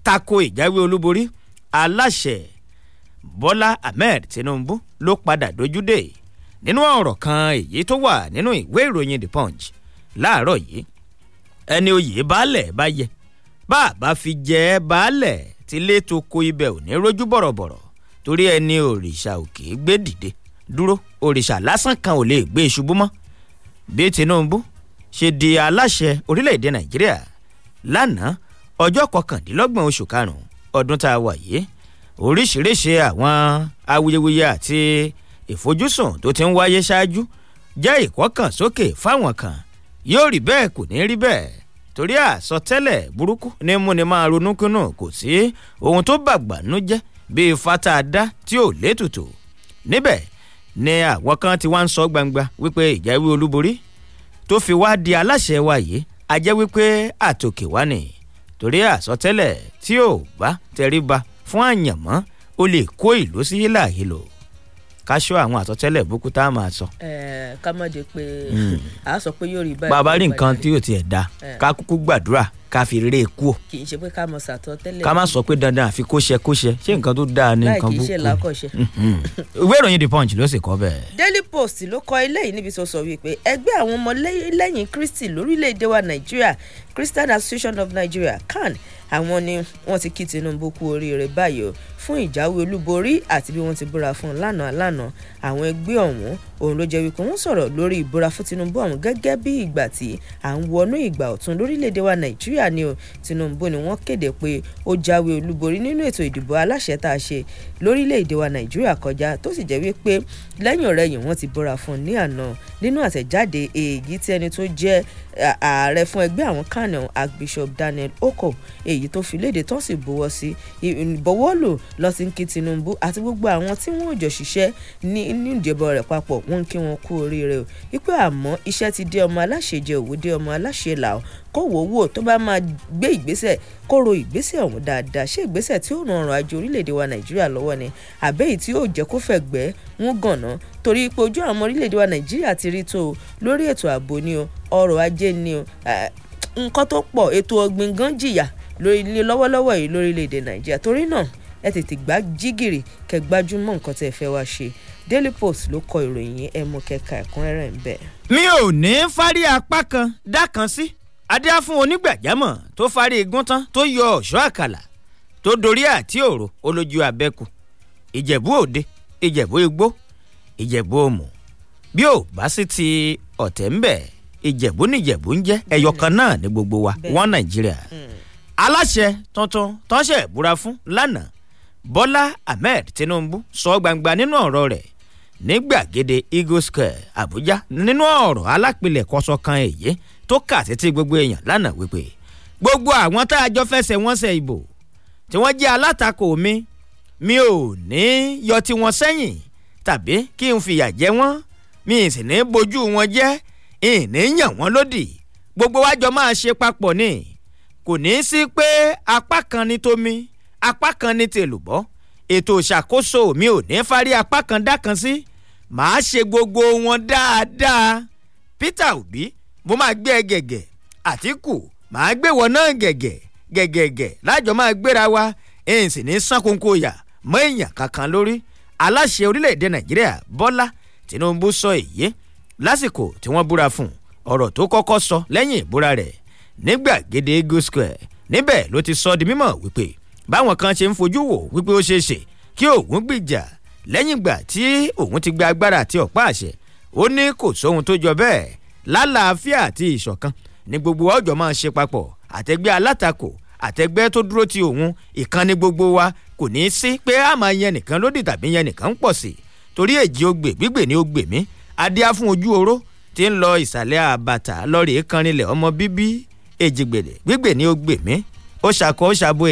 tako ìjáwé olúborí aláṣẹ bọ́lá ahmed tinubu ló padà dojúdé nínú ọ̀rọ̀ kan èyí tó wà nínú ìwé ìròyìn the punch láàárọ̀ yìí ẹni oyè baálẹ̀ bá yẹ bá a bá fi jẹ́ baálẹ̀ tí lẹ́tọ̀ọ́ kó ibẹ̀ ò ní rójú bọ̀rọ̀bọ̀rọ̀ torí ẹni òrìṣà òkè gbé dìde dúró òrìṣà lásán kan ò lè gbé ìṣubú mọ́ bí Tinubu ṣe di aláṣẹ orílẹ̀-èdè Nàìjíríà lánàá ọjọ́ kọkàndínlọ́gbọ̀n oṣù karùn-ún ọdún tá a wà yìí oríṣiríṣi àwọn awuyewuye àti ìfojúsùn tó ti ń wáyé ṣáájú jẹ́ ìkọ́kànsókè fáwọn kan yóò rí bẹ́ẹ̀ kò ní rí bẹ́ẹ̀ torí àsọtẹ́lẹ̀ burúkú ní múni máa ronúkúnnù kò sí ohun tó bàgbà nú jẹ́ bíi fata dá tí ò létùtù níbẹ̀ ní àwọn kan ti wá ń sọ gbangba wípé ìjáwé olúborí tó fi wá di aláṣẹ wa yìí a jẹ́ wípé àtòkè wá ni torí àsọtẹ́lẹ̀ tí ò bá tẹríba fún àyànmọ́ ó lè kó ìlú sí hílàhílò ká ṣọ́ àwọn àsọtẹ́lẹ̀ burúkú tá a máa sọ. ẹ ká má de pé hmm. a sọ pé yóò rí báyìí. bàbá rí nǹkan tí yóò tiẹ̀ da ká kúkú gbàdúrà ká fi rere kú o. kì í ṣe pé ká mọ sàtọ tẹ́lẹ̀. ká má sọ pé dandan àfi kó ṣe kó ṣe ṣé nǹkan tó dáa ni nǹkan burúkú. láì kì í ṣe làákọ̀ṣe. Hmm, hmm. ìwé ìròyìn the punch ló sì kọ bẹ́ẹ̀. daily post ló kọ eléyìí níbi tó sọ wípé ẹgbẹ́ àwọn ọmọ lẹ́yìn kristi lórílẹ̀‐èdè wa nàìjíríà christian association of nigeria can àwọn ni wọ́n ti kí tinubu kú oríire báyìí fún ìjáwé olúborí àti bí wọ́n ti búra fún lánàá lánàá àwọn ẹgbẹ́ ọ̀hún òun ló jẹ́ wípé wọ́n sọ̀rọ̀ lórí ìbúra fún Tinubu ọ̀hún gẹ́gẹ́ bí ìgbà tí à ń wọnú ìgbà ọ̀tun lórílẹ̀ wa Nàìjíríà ni Tinubu ni wọ́n kéde pé ó jáwé olúborí nínú ètò ìdìbò aláṣẹ tá a ṣe lórílẹ̀‐èdè wa Nàìjíríà kọjá tó sì jẹ́ wípé lẹ́yìn ọ̀rẹ́yìn wọ́n ti búra fún un ní àná nínú àtẹ̀jáde èyí tí ẹni tó jẹ́ ààrẹ fún ẹgbẹ́ àwọn kànáà Archbishop Daniel Oko èyí tó fi léde tó sì bọwọ́ sí ìbọwọ́ lò ló ti ń kí Tinubu àti gbogbo àwọn tí wọn ò jọ ṣiṣẹ́ ní ìdìbò rẹ̀ papọ̀ wọ́n ń kí wọn kú oríire o wípé àmọ́ iṣẹ́ ti dé ọmọ aláṣẹ jẹ òwò dé ọmọ aláṣẹ là ó kó wò ó wò tó bá máa gbé ìgbésẹ̀ kó ro ìgbésẹ̀ ọ̀hún dáadáa ṣé ìgbésẹ̀ tí ó ran ọrọ̀ ajé orílẹ̀-èdè wa Nàìjíríà lọ́wọ́ ni àbẹ́yìí tí yóò jẹ́ kó fẹ̀gbẹ́ ń gànná torí pé ojú àwọn orílẹ̀-èdè wa Nàìjíríà ti rí tó o lórí ètò ààbò ni o ọrọ̀ ajé ni o nǹkan tó pọ̀ ètò ọ̀gbìn gan jìyà lórí lọ́wọ́lọ́wọ́ yìí lórílẹ̀-èdè Nàìjíríà torí náà ẹ tètè gbá jígìrì kẹ gbájúmọ́ nǹkan tẹ́ ẹ fẹ́ wá ṣe daily post ló kọ ìròyìn yẹn ẹ mú kẹka ẹ̀kúnrẹ́rẹ́ ń bẹ̀. mi ò ní fárí apá kan dá kan sí adíá fún onígbàjámọ̀ tó fárí igun tán tó yọ ọ̀ṣọ́ àkàlà tó dorí àti òrò olójú abẹ́kù ìjẹ̀bú òde ìjẹ̀bú igbó ìjẹ̀bú òmù bí ò bá sí ti ọ̀tẹ̀ ń bẹ̀ ìjẹ̀bú níjẹ̀bú ń jẹ́ ẹyọ kan náà ní gbogbo wa wọ́n nàìjíríà hmm. aláṣẹ tuntun tọ́ṣẹ̀ búra fún lánàá bọ́lá ahmed tinubu sọ gbangba nínú ọ̀rọ̀ rẹ̀ ní gbàgede eagle square àbújá nínú ọ̀rọ̀ alápilẹ̀kọ́sọ kan èyí tó kà sétí gbogbo èèyàn lánàá wípé gbogbo àwọn tá a jọ fẹsẹ̀ wọn ṣe ìbò tí wọ́n jẹ́ alátakò mi mi ò ní yọ tí wọ́n sẹ́yìn tàbí kí n fìyà jẹ wọ́n mi ì sì ní bojú wọn jẹ́ ìní yàn wọ́n lódì gbogbo wa jọ máa ṣe papọ̀ ni kò ní í sí pé apá kan ní tómi apá kan ní tèlùbọ́ ètò ìṣàkóso mi ò ní fárí apá kan dákan sí màá ṣe gbogbo wọn dáadáa Peter Obi mo máa gbé ẹ gẹ̀gẹ̀ Àtíkù màá gbé wọn náà gẹ̀gẹ̀ gẹ̀gẹ̀gẹ̀ lájọ máa gbéra wa èyí sì ní sánkunko yà mọ́ èèyàn kankan lórí aláṣẹ orílẹ̀-èdè Nàìjíríà Bọ́lá Tinubu sọ èyí lásìkò tí wọ́n búra fún ọ̀rọ̀ tó kọ́kọ́ sọ lẹ́yìn ìbúra rẹ̀ ní gbàgede eagle square níbẹ̀ ló ti sọ di mímọ̀ wípé báwọn kan ṣe ń fojú wò wípé ó ṣeé ṣe kí òun gbìjà lẹ́yìn ìgbà tí òun ti gba agbára àti ọ̀pá àṣẹ ó ní kò sóhun tó jọ bẹ́ẹ̀ lálàáfíà àti ìṣọ̀kan ní gbogbo ọjọ́ máa ṣe papọ̀ àtẹgbẹ́ alátakò àtẹgbẹ́ tó dúró ti òun ìkan ní gbogbo wa kò ní í sí pé a máa yẹn nìkan lódì tàbí yẹn nìkan ń pọ̀ sí i torí èjì ogbè gbígbè ní ogbè mí adíá fún ojú oró tí ń lọ ìsàlẹ̀ àbàtà lọ́ọ̀rì kanrinlẹ̀ ọmọ bíbí èjìgbèdè gbígbè ní ogbè mí ó ṣàkọ ó ṣàbò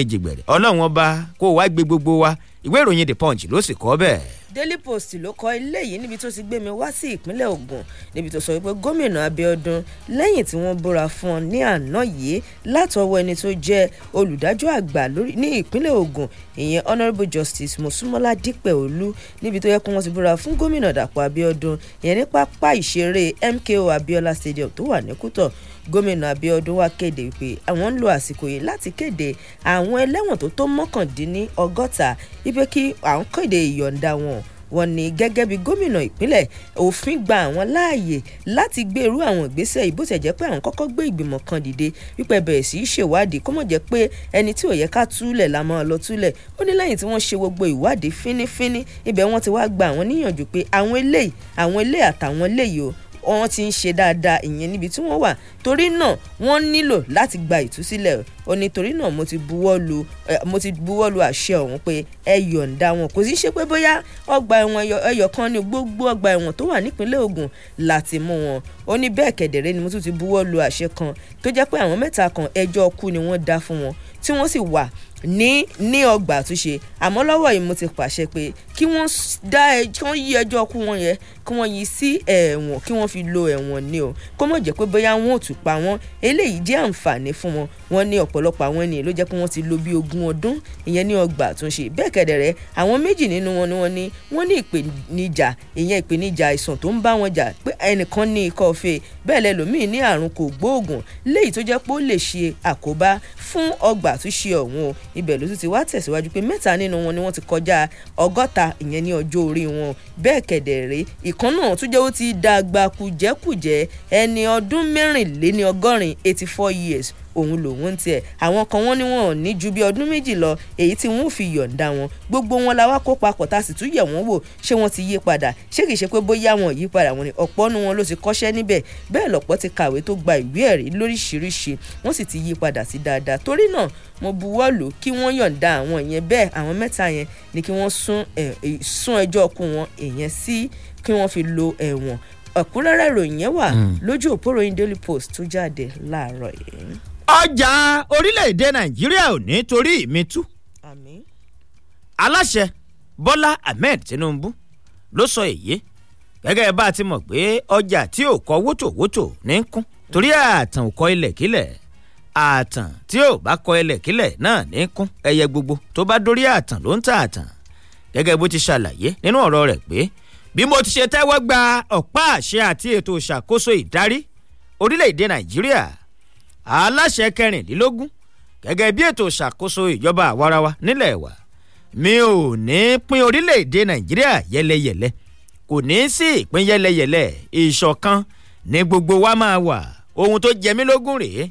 ọlọ́run ọba kó wá gbé gbogbo wa ìwé ìròyìn the punch ló sì kọ́ bẹ́ẹ̀. daily post ló kọ eléyìí níbi tó ti gbé mi wá sí ìpínlẹ̀ ogun níbi tó sọ wípé gómìnà abiodun lẹ́yìn tí wọ́n búra fún ọ ní àná yìí látọwọ́ ẹni tó jẹ́ olùdájọ́ àgbà ní ìpínlẹ̀ ogun ìyẹn honourable justice mosúnmọ́lá dípẹ̀ olú níbi tó yẹ kó wọ́n ti búra fún gómìnà dàpọ̀ abiodun ìyẹn ní pápá ìṣeré mko abiola stadium tó wà ní kútọ̀ gómìnà Abíọ́dún wá kéde pé àwọn ń lo àsìkò yìí láti kéde àwọn ẹlẹ́wọ̀n tó tó mọ́kàndínní ọgọ́ta wípé kí àwọn kéde ìyọ̀ǹda wọn wọ́n ní gẹ́gẹ́ bí gómìnà ìpínlẹ̀ òfin gba àwọn láàyè láti gbé irú àwọn ìgbésẹ̀ yìí bó ṣe jẹ́ pé àwọn kọ́kọ́ gbé ìgbìmọ̀ kan dìde wípé bẹ̀rẹ̀ sí í ṣèwádìí kó mọ̀ jẹ́ pé ẹni tí ò yẹ ká túlẹ̀ la máa lọ túlẹ̀ ó ní lẹ́yìn tí wọ́n ṣe gbogbo ìwádìí fínífíní ibẹ̀ wọ́n ti wá gba àwọn níyànjú pé àwọn eléyìí àwọn eléyìí àtàwọn eléyìí o wọ́n ti ń ṣe dáadáa ìyẹn níbi tí wọ́n wà torí náà wọ́n nílò láti gba ìtúsílẹ̀ ó ní torí náà mo ti buwọ́ lu mo ti buwọ́ lu àṣẹ ọ̀hún pé ẹ yọ̀ǹda wọn kò sí ṣe pé bóyá ọgbà ẹ̀wọ̀n ẹyọ kan ní gbogbo ọgbà ẹ̀wọ̀n tó wà nípínlẹ̀ Ògùn láti mú wọn ó ní bẹ́ẹ̀ kẹ̀dẹ̀rẹ́ ni mo tún ti buwọ́ lu àṣẹ kan tó jẹ́ pé àwọn mẹ́ta kan ẹjọ́ kú ni wọ́n dá fún wọn tí wọ́n sì wà ní ní ọgbà àtúnṣe àmọ́ lọ́wọ́ yìí mo ti pàṣẹ pé kí wọ́n dá ẹ kí wọ́n yí ẹjọ́ kú wọn yẹn kí wọ́n yí sí ẹ̀wọ̀n kí wọ́n fi lo ẹ̀wọ̀n ni o kó mọ̀ jẹ́ pé bóyá wọn ò tún pa wọ́n eléyìí jẹ́ àǹfààní fún wọn wọn ní ọ̀pọ̀lọpọ̀ àwọn ènìyàn ló jẹ́ pé wọ́n ti lo bíi ogún ọdún ìyẹn ní ọgbà àtúnṣe bẹ́ẹ̀ kẹ̀dẹ̀rẹ́ àwọn méjì nínú wọn ni wọ́n ní wọ́n ní ìpèníjà ìyẹn ìpèníjà àìsàn tó ń bá wọn jà pé ẹnìkan ní ikọ́ fèé bẹ́ẹ̀ lẹ́lòmíì ní àrùn kògbóògùn léyìí tó jẹ́ pé ó lè ṣe àkóbá fún ọgbà àtúnṣe ọ̀hún ibẹ̀ ló sì ti wá tẹ̀síwájú pé mẹ́ta nínú wọn ni wọ́n ti kọjá ọgọ́ta ìyẹn ní ọjọ́ orí wọn bẹ́ẹ̀ kẹ̀dẹ̀ rèé ìkan náà tún jẹ́ ó ti dàgbà kùjẹ́kùjẹ́ ẹni ọdún mẹ́rìnléní ọgọ́rin eighty four years òun lòun ń tiẹ̀ àwọn kan wọ́n ní wọn ò ní ju bí ọdún méjì lọ èyí tí wọ́n fi yọ̀ǹda wọn gbogbo wọn la wá kó papọ̀ tá a sì tún yẹ̀ wọ́n wò ṣé wọ́n ti yí padà ṣé kìí ṣe pé bóyá wọn yí padà wọn ni ọ̀pọ̀ nu wọn ló ti kọ́ṣẹ́ níbẹ̀ bẹ́ẹ̀ lọ̀pọ̀ ti kàwé tó gba ìwé ẹ̀rí lóríṣiríṣi wọ́n sì ti yí padà sí dáadáa torí náà mo buwọ́ lù kí wọ́n yọ̀ǹda àwọn yẹn bẹ́ẹ̀ àwọn mẹ́ta yẹn ni kí wọ́n sún ẹjọ́ kú wọn èèyàn sí kí wọ́n fi lo ẹ̀wọ̀n ẹ̀kúnrẹ́rẹ́ ìròyìn yẹn wà hmm. lójú òpó ìròyìn Daily Post tó jáde láàárọ̀ yìí ọjà orílẹ̀-èdè nàìjíríà ò ní torí mi tú. aláṣẹ bọ́lá ahmed tinubu ló sọ èyí gẹ́gẹ́ bá a ti mọ̀ pé ọjà tí ò kọ wótòwótò ní kún torí àtàn ò kọ ilẹ̀kílẹ̀ àtàn tí ò bá kọ ilẹ̀kílẹ̀ náà ní kún ẹyẹ gbogbo tó bá dórí àtàn ló ń tà àtàn gẹ́gẹ́ bó ti ṣàlàyé nínú ọ̀rọ̀ rẹ̀ pé bí mo ti ṣe tẹ́wọ́ gba ọ̀pá àṣẹ àti ètò ìṣàkóso ìdarí orílẹ̀-èdè nàìjíríà aláṣẹ kẹrìndínlógún gẹ́gẹ́ bí ètò ìṣàkóso ìjọba àwarawa nílẹ̀ wa mi ò ní pín orílẹ̀-èdè nàìjíríà yẹlẹyẹlẹ kò ní sí ìpín yẹlẹyẹlẹ ìṣọ̀kan ní gbogbo wa máa wà ohun tó jẹ mí lógún rèé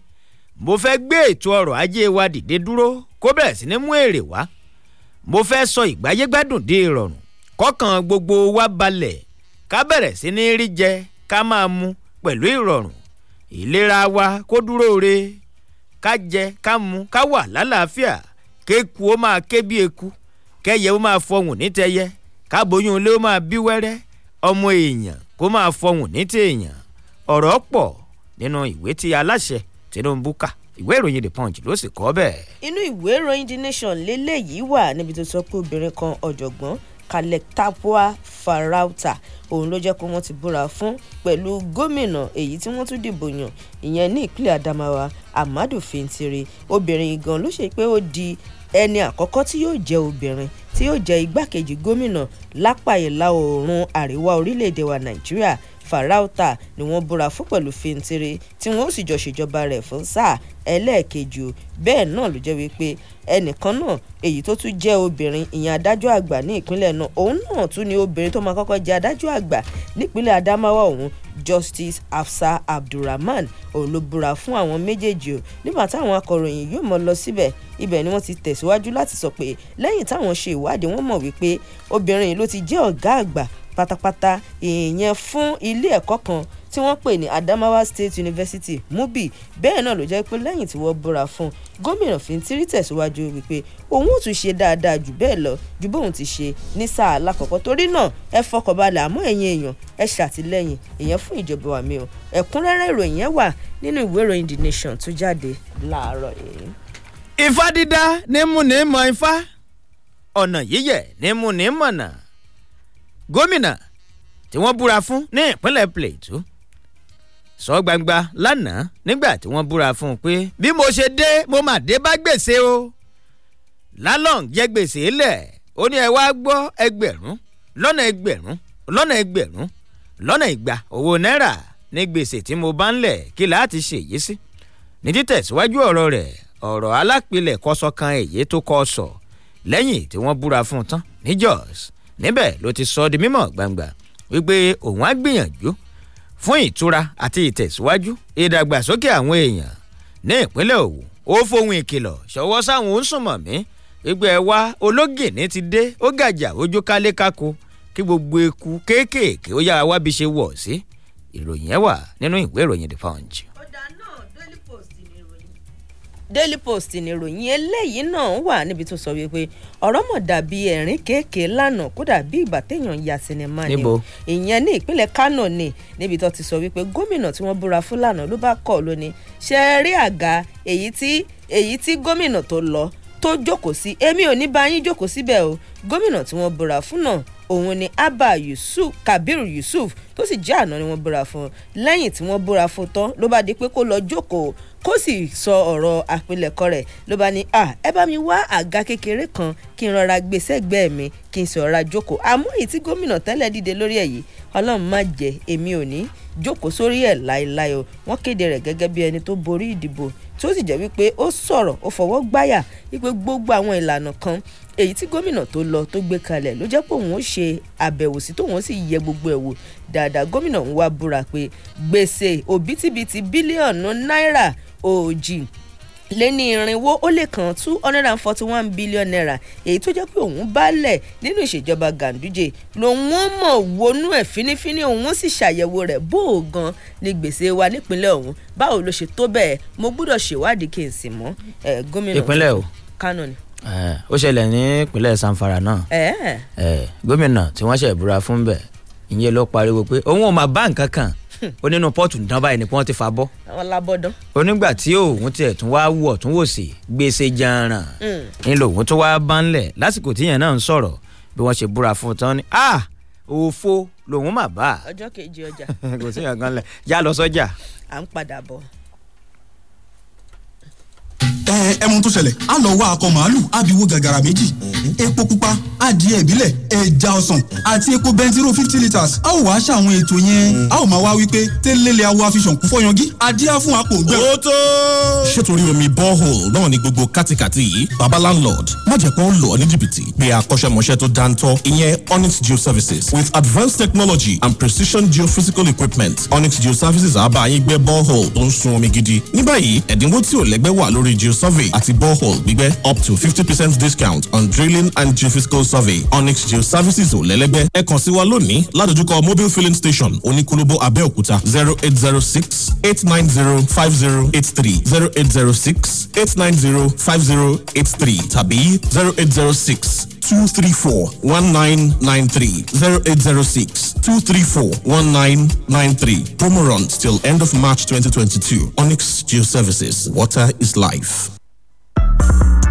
mo fẹ́ gbé ètò ọrọ̀ ajé wa dìde dúró kó bẹ̀rẹ̀ sí ní mú èrè wá mo fẹ́ sọ ìgbáyégbádùn di ìrọ̀rùn kọ́kàn gbogbo wa balẹ̀ ká bẹ̀rẹ̀ sí ní rí jẹ ká máa mu pẹ̀lú ìrọ̀rùn ìlera wa kó dúró re ká jẹ ká mu ká wà lálàáfíà kéku ó máa ké bí eku kẹyẹ ó máa fọhùn nítẹyẹ kábòyún ilé ó máa bí wẹ́rẹ́ ọmọ èèyàn kó máa fọhùn ní tèèyàn ọ̀rọ̀ nínú ìwé tí aláṣẹ Tinubu kà ìwé ìròyìn the punch ló sì kọ bẹ́ẹ̀. inú ìwé ìròyìn the nation lélẹ́yìí wà níbi tó sọ pé obìnrin kan ọ̀jọ̀gbọ́n Kalek Tapua Farauter òun ló jẹ́ pé wọ́n ti búra fún pẹ̀lú gómìnà èyí tí wọ́n tún dìbò yàn ìyẹn ní ìpínlẹ̀ Adamawa Amadu Fintiri obìnrin gan ló ṣe pé ó di ẹni àkọ́kọ́ tí yóò jẹ́ obìnrin tí yóò jẹ́ igbákejì gómìnà lápá ìlà oòrùn àríwá orílẹ̀-èdè wa Nàìjíríà Farauta ni wọ́n búra fún pẹ̀lú fíntiri tí wọ́n ó sì jọ ṣèjọba rẹ̀ fún sáà ẹlẹ́ẹ̀kejì bẹ́ẹ̀ náà ló jẹ́ wípé ẹnìkan náà èyí tó tún jẹ́ obìnrin ìyẹn adájọ́ àgbà ní ìpínlẹ̀ náà òun náà tún ni obìnrin tó máa kọ́kọ́ jẹ́ adájọ́ àgbà nípínlẹ̀ Adamawa òun Justice Afsa Abdulrahman òun ló búra fún àwọn méjèèjì o nígbà táwọn akọ̀ròyìn yóò mọ lọ síbẹ̀ ibẹ̀ ni wọ́n ti tẹ̀síwájú láti sọ pé lẹ́yìn táwọn ṣe ìwádìí wọ́n mọ̀ wípé obìnrin yìí ló ti jẹ́ ọ̀gá àgbà pátápátá ìyẹn fún ilé ẹ̀kọ́ kan tí wọ́n pè ní Adamawa State University MUBI bẹ́ẹ̀ náà ló jẹ́ pé lẹ́yìn tí wọ́n búra fún gómìnà Fintiri tẹ̀síwájú wípé òun ò tún ṣe dáadáa jù bẹ́ẹ̀ lọ ju bóun ti ṣe ní sáà alákọ̀ọ́kọ́ torí náà ẹ fọkànbalẹ̀ àmọ́ ẹ̀yin èèyàn ẹ ṣàtìlẹ́yìn èèyàn fún ìjọba wa mi o ẹ̀kúnrẹ́rẹ́ ìròyìn yẹn wà nínú ìwé ìròyìn The Nation tó jáde láàárọ̀ yìí. ifá dídá ní mú ní mọ ifá ọ̀nà yíyẹ ní mú ní mọ̀nà gómìnà tí wọ́n búra fún ní ìpínlẹ̀ Plateau sọ gbangba lánàá nígbà tí wọ́n búra fún un pé bí mo ṣe dé mo mà dé bá gbèsè o lalong jẹ́ gbèsè lẹ̀ ó ní ẹ wá gbọ́ ẹgbẹ̀rún lọ́nà ẹgbẹ̀rún lọ́nà ẹgbẹ̀rún lọ́nà ìgbà owó náírà ní gbèsè tí mo bá ń lẹ̀ kí láti ṣe èyí sí ní títẹ̀síwájú ọ̀rọ̀ rẹ̀ ọ̀rọ̀ alápilẹ̀ kọ́sọ́ kan èyí tó kọ́ sọ lẹ́yìn tí wọ́n búra fún un tán ní Jos níbẹ̀ ló ti sọ ọ́ di mímọ̀ gbangba wípé òun á gbìyànjú fún ìtura àti ìtẹ̀síwájú ìdàgbàsókè àwọn èèyàn ní ìpínlẹ̀ Òwu ó fohùn ìkìlọ̀ ṣọwọ́ sáwọn oṣùmọ̀mí wípé ẹ wá ológìní ti dé ó gàjà ojú kálé kákó kí gbogbo eku kéékèèké ó yára wábi ṣe wọ̀ sí ìròyìn ẹ wà nínú ìwé ìròyìn The Punch. Daily Post ni ìròyìn eléyìí náà wà níbi tó sọ wípé ọ̀rọ̀ mọ̀ dàbí ẹ̀rín kéèké lánàá kódà bí ìgbà téèyàn ya sinimá ni ìyẹn ní ìpínlẹ̀ Kánò ni níbi tó ti sọ wípé gómìnà tí wọ́n búra fún lánàá ló bá kọ̀ lónìí ṣe é rí àga èyí tí èyí tí gómìnà tó lọ tó jókòó sí èmi ò ní bá yín jókòó síbẹ̀ o gómìnà tí wọ́n búra fún náà òun ni abba yusuf kabiru yusuf tó sì jẹ́ àná ni wọ́n búra fún lẹ́yìn tí wọ́n búra fún tán ló bá di pé kó lọ jókòó kó sì sọ ọ̀rọ̀ àpilẹ̀kọ rẹ̀ ló bá ní ẹ bá mi wá àga kékeré kan kí n rọra gbé sẹ́gbẹ̀ẹ́ mi kí n sì rọra jókòó àmọ́ èyí tí gómìnà tẹ́lẹ̀ dìde lórí ẹ̀ yìí ọlọ́run má jẹ́ èmi ò ní jókòó sórí ẹ̀ láéláé o wọ́n kéde rẹ̀ gẹ́gẹ́ bí ẹni tó borí ìdìbò tí ó sì jẹ́ wípé ó sọ̀rọ̀ ó fọwọ́ gbáyà wípé gbogbo àwọn ìlànà kan èyí tí gómìnà tó lọ tó gbé kalẹ̀ ló jẹ́ pé òun ó ṣe àbẹ̀wò sí tóun ó sì yẹ gbogbo ẹ̀ wò dáadáa gómìnà ń wá búra pé gbèsè òbítíbitì bílíọ̀nù náírà òjì lé ní irinwó ó lé kan two hundred and forty one billion naira èyí tó jẹ́ pé òun balẹ̀ nínú ìṣèjọba Ganduje lòun mọ̀ wọnú ẹ̀ fínífíní òun sì ṣàyẹ̀wò rẹ̀ bó o gan ni gbèsè wa nípínlẹ̀ ọ̀hún báwo ló ṣe tó bẹ́ẹ̀ mo gbọ́dọ̀ ṣèwádìí kí n sì mọ̀ ẹ̀ gómìnà ìpínlẹ̀ o Kánò ni ó ṣẹlẹ̀ ní ìpínlẹ̀ sanfara náà gómìnà tí wọ́n ṣe ìbúra fún bẹ̀ ìyẹn ló pariwo pé òun ò máa bá nǹkan kan ó nínú pọ́ọ̀tù ń dán báyìí ni wọ́n ti fa bọ́. àwọn labọ́dán. onígbà tí òun tiẹ̀ tún wá wù ọ̀tún wò sí gbèsè jàǹràn hmm. ń lò òun tó wá bá ń lẹ̀ lásìkò tíyẹn náà ń sọ̀rọ̀ bí wọ́n ṣe búra fún un tán ni ah òfo lòun mà bá. ọjọ́ kejì ọjà. kò sí ìyàgànlẹ̀ yá lọ sọ́jà. à ń padà bọ̀ ẹmu tó ṣẹlẹ̀ a lọ wá akọ màálù abiwo gàgàrà méjì epo pupa adìẹ ìbílẹ̀ ẹja ọsàn àti epo bẹntiró fifty litres a ó wá ṣàwọn ètò yẹn a ó máa wá wípé télélẹ̀ awo àfihàn kú fọyangí adíá fún apò ògbẹ́. ó tó. ṣètòrí omi borehole náà ni gbogbo kátikàti yìí baba landlord má jẹ́ kó lọ ní jìbìtì pé akọ́ṣẹ́mọṣẹ́ tó dáńtọ́ ìyẹn onyx geoservices with advanced technology and precision geophysical equipment onyx geoservices àbá yín gbẹ́ borehole tó ń sun omi gidi ní báyìí ẹ̀dínwó tí ò lẹ́gbẹ́ wà lórí geoservice survey àti borehole gbígbẹ́ up to fifty percent discount on drilling and geophysical survey onyx geo services ò lẹ́lẹ́gbẹ́ ẹ kàn sí wa lónìí ládojúkọ mobile filling station oníkólóbó abẹ́òkúta zero eight zero six eight nine zero five zero eight three zero eight zero six eight nine zero five zero eight three tàbí zero eight zero six two three four one nine nine three zero eight zero six two three four one nine nine three promo runs till end of March 2022 Onyx Geo Services Water is Life you